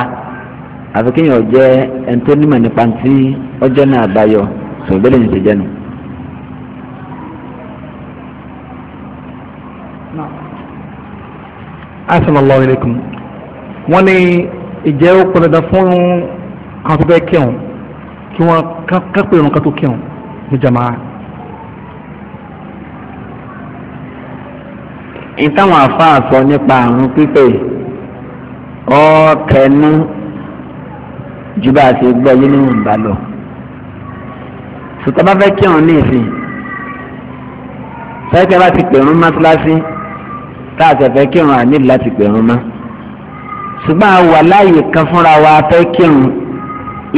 Speaker 1: àfi kéèyàn jẹ́ ẹni tó nímọ̀ nípa ti ọjọ́ náà àbáyọ ṣùgbọ́n ìbéèrè
Speaker 2: asalaamu alaykum wọ́n ní ìjẹ́ ó pọn dandan fún àwọn tó fẹ́ kẹ́hùn kí wọ́n kápẹ́ ìrun ká tó kẹ́hùn ní jamaa.
Speaker 1: ìtàwọn àfáà sọ nípa àrùn pípé ọ̀ọ́kẹ́nu ju bá a ti gbọ́ yé nínú ìbálò sọtọ́ bá fẹ́ kẹ́hùn ní ìsìn fẹ́ẹ́ bá ti pèrún mọ́tíláṣí tá a sì fẹ́ kírun àní láti pèrún mọ́ ṣùgbọ́n a wà láàyè kan fúnra wa fẹ́ kírun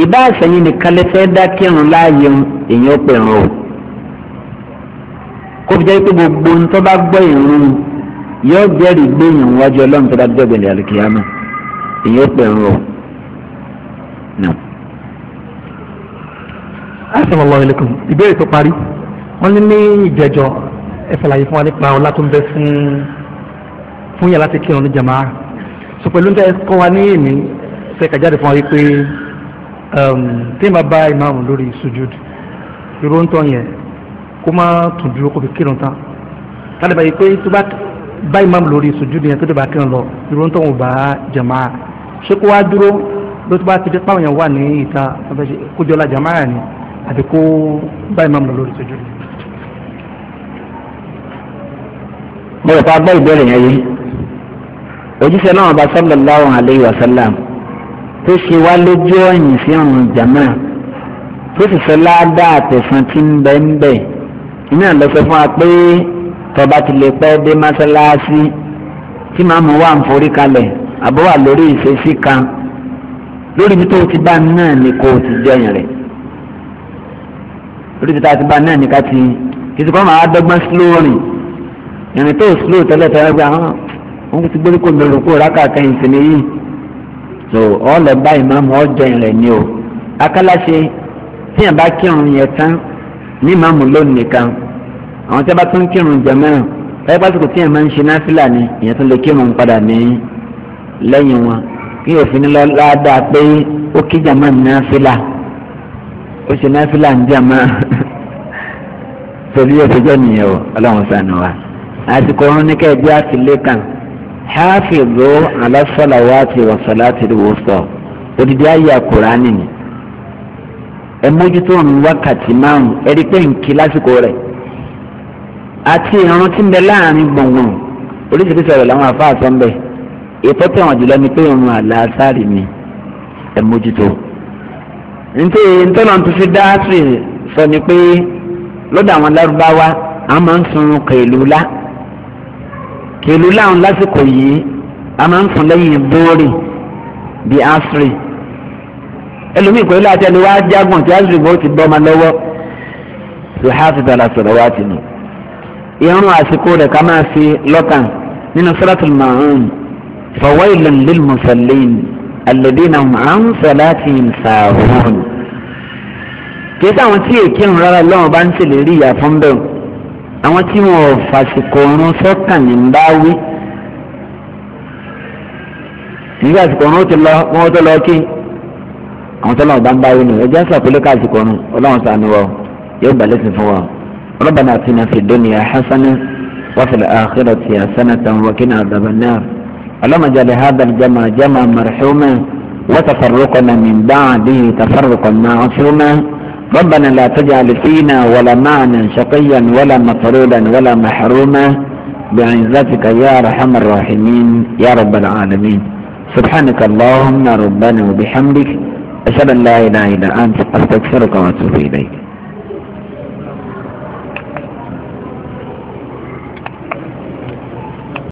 Speaker 1: ìbá àṣẹyìn nìkan lè fẹ́ dá kírun láàyè èèyàn pèrún o kó fi jẹ́ pé gbogbo ń tọ́ bá gbọ́ ìrun yóò jẹ́rìí gbé ìrun wájú ọlọ́run tó bá dẹ́gbẹ̀ẹ́ ní àlùkìyámà èèyàn pèrún o.
Speaker 2: Assalamu alaikum ìbéèrè tó parí wọ́n ní ní ìjẹ́jọ́ ẹ ṣàlàyé fún wa nípa ọlá tó ń bẹ fún fún yàrá ti kírun ní jama so pẹ̀lú níta ẹ̀kọ́ wa ní èmi fẹ́ kàjáde fún wa wípé um, tí ma bá ìmáàmù lórí sujud irú ń tọ́ yẹn kó má tún dúró kó fi kírun tán láti bá yìí pé tó bá bá ìmáàmù lórí sujud yẹn tó dé bá kírun lọ irú ń tọ́ wọn bá jama ṣé kó wá dúró ló tó bá ti dé pàwọn yẹn wà ní ìta kójọ jama yẹn ni àti kó bá ìmáàmù lórí sujud.
Speaker 1: mo rò pé a gbọ́ ìbéèrè yẹn yìí ojúṣe náà ọba sallallahu alayhi wa sallam tó ṣe wá lójú ọ̀yìn sí ọ̀nà jama tó sì fẹ́ ládàá àtẹ̀sán tí ń bẹ́ ń bẹ̀ iná lọ sọ fún wa pé tọba ti lè pẹ́ dé mọ́sálásí tí màmú wà ń forí kalẹ̀ àbọ̀ wà lórí ìṣesí kan lórí ibi tó ti bá náà ni kò ti jẹyìn rẹ̀ lórí ibi tó ti bá náà ni ká ti kìtìkọ́ máa dọ́gbọ́n slow rìn ìrìn tó slow tẹ́lẹ̀ tẹ́lẹ̀ gbé àwọn. Ah, wọ́n ti gbórí kò lóru kó rákà kẹ́yìn sí ni yìí so ọ̀ọ́lọ̀ bá ìmáàmù ọ̀jẹ̀ rẹ̀ ni o akálàṣe tí yàn bá kírun yẹn tán ní ìmáàmù lónìí nìkan àwọn tí a bá tún kírun jẹ̀mọ́ ẹ̀ pásítọ̀ tí yàn máa ń ṣe náfìlà ni ìyẹn tún lè kírun padà ní lẹ́yìn wọn kí òfin lọ ládàá pé ó kí jàmá náfìlà ó ṣe náfìlà ń jàmá torí òfin jẹ́ nìyẹn o ọlọ́run sànù wa àsìkò ọ̀run ní kẹ́ẹ̀dí àtìlẹ́kàn hafizu ala salawati wa salati wusta odidi ayé akurani ni ẹ mójútó ọ̀run wákàtí márùn ẹ̀rí pé nkí lásìkò rẹ̀ àti ìrun tí ń bẹ láàrin gbọ̀ngbọ̀n oríṣiríṣi ọ̀rọ̀ làwọn afá àsọ ń bẹ jùlọ ni pé ìrun àlàásárì ni ẹ mójútó nti fi dá àtúrì sọ ni pé lọ́dọ̀ àwọn lárúbáwá àwọn máa ń sun kèlú lá ìlú láwọn lásìkò yìí a máa ń fún lẹ́yìn bóòrì bíi asiri ẹlòmíì pẹ̀lú àti ẹni wá jágùn tí asiri bó ti bọ́ma lọ́wọ́ tó hafiz ala salawati ni irun àsìkò rẹ̀ ká máa fi lọ́kàn nínú suratul ma'un fawailun lil musallin alladina hum an salatihim sahun kí sáwọn tí èké ń rárá lọ́wọ́ bá ń ṣèlérí ìyá fún bẹ́ẹ̀ àwọn tí wọn ò fàsìkò ọrùn sọ́kàn ní bá wí nígbà àsìkò ọrùn ti lọ wọn tó lọ kí àwọn tó lọ́wọ́ bá ń bá wí nù ẹjẹ́ sàkólé ká àsìkò ọrùn ọlọ́wọ́n sànù wọ yóò gbà lẹ́sìn fún wa rabbana atina fid dunya hasana wa fil akhirati hasanatan wa qina adhaban nar allahumma ij'al hadha al-jam'a jam'an marhuma wa tafarraqna min ba'dihi tafarraqan ma'suma. ربنا لا تجعل فينا ولا معنا شقيا ولا مطرودا ولا محروما بعزتك يا ارحم الراحمين يا رب العالمين سبحانك اللهم ربنا وبحمدك اشهد ان لا اله الا انت استغفرك
Speaker 2: واتوب اليك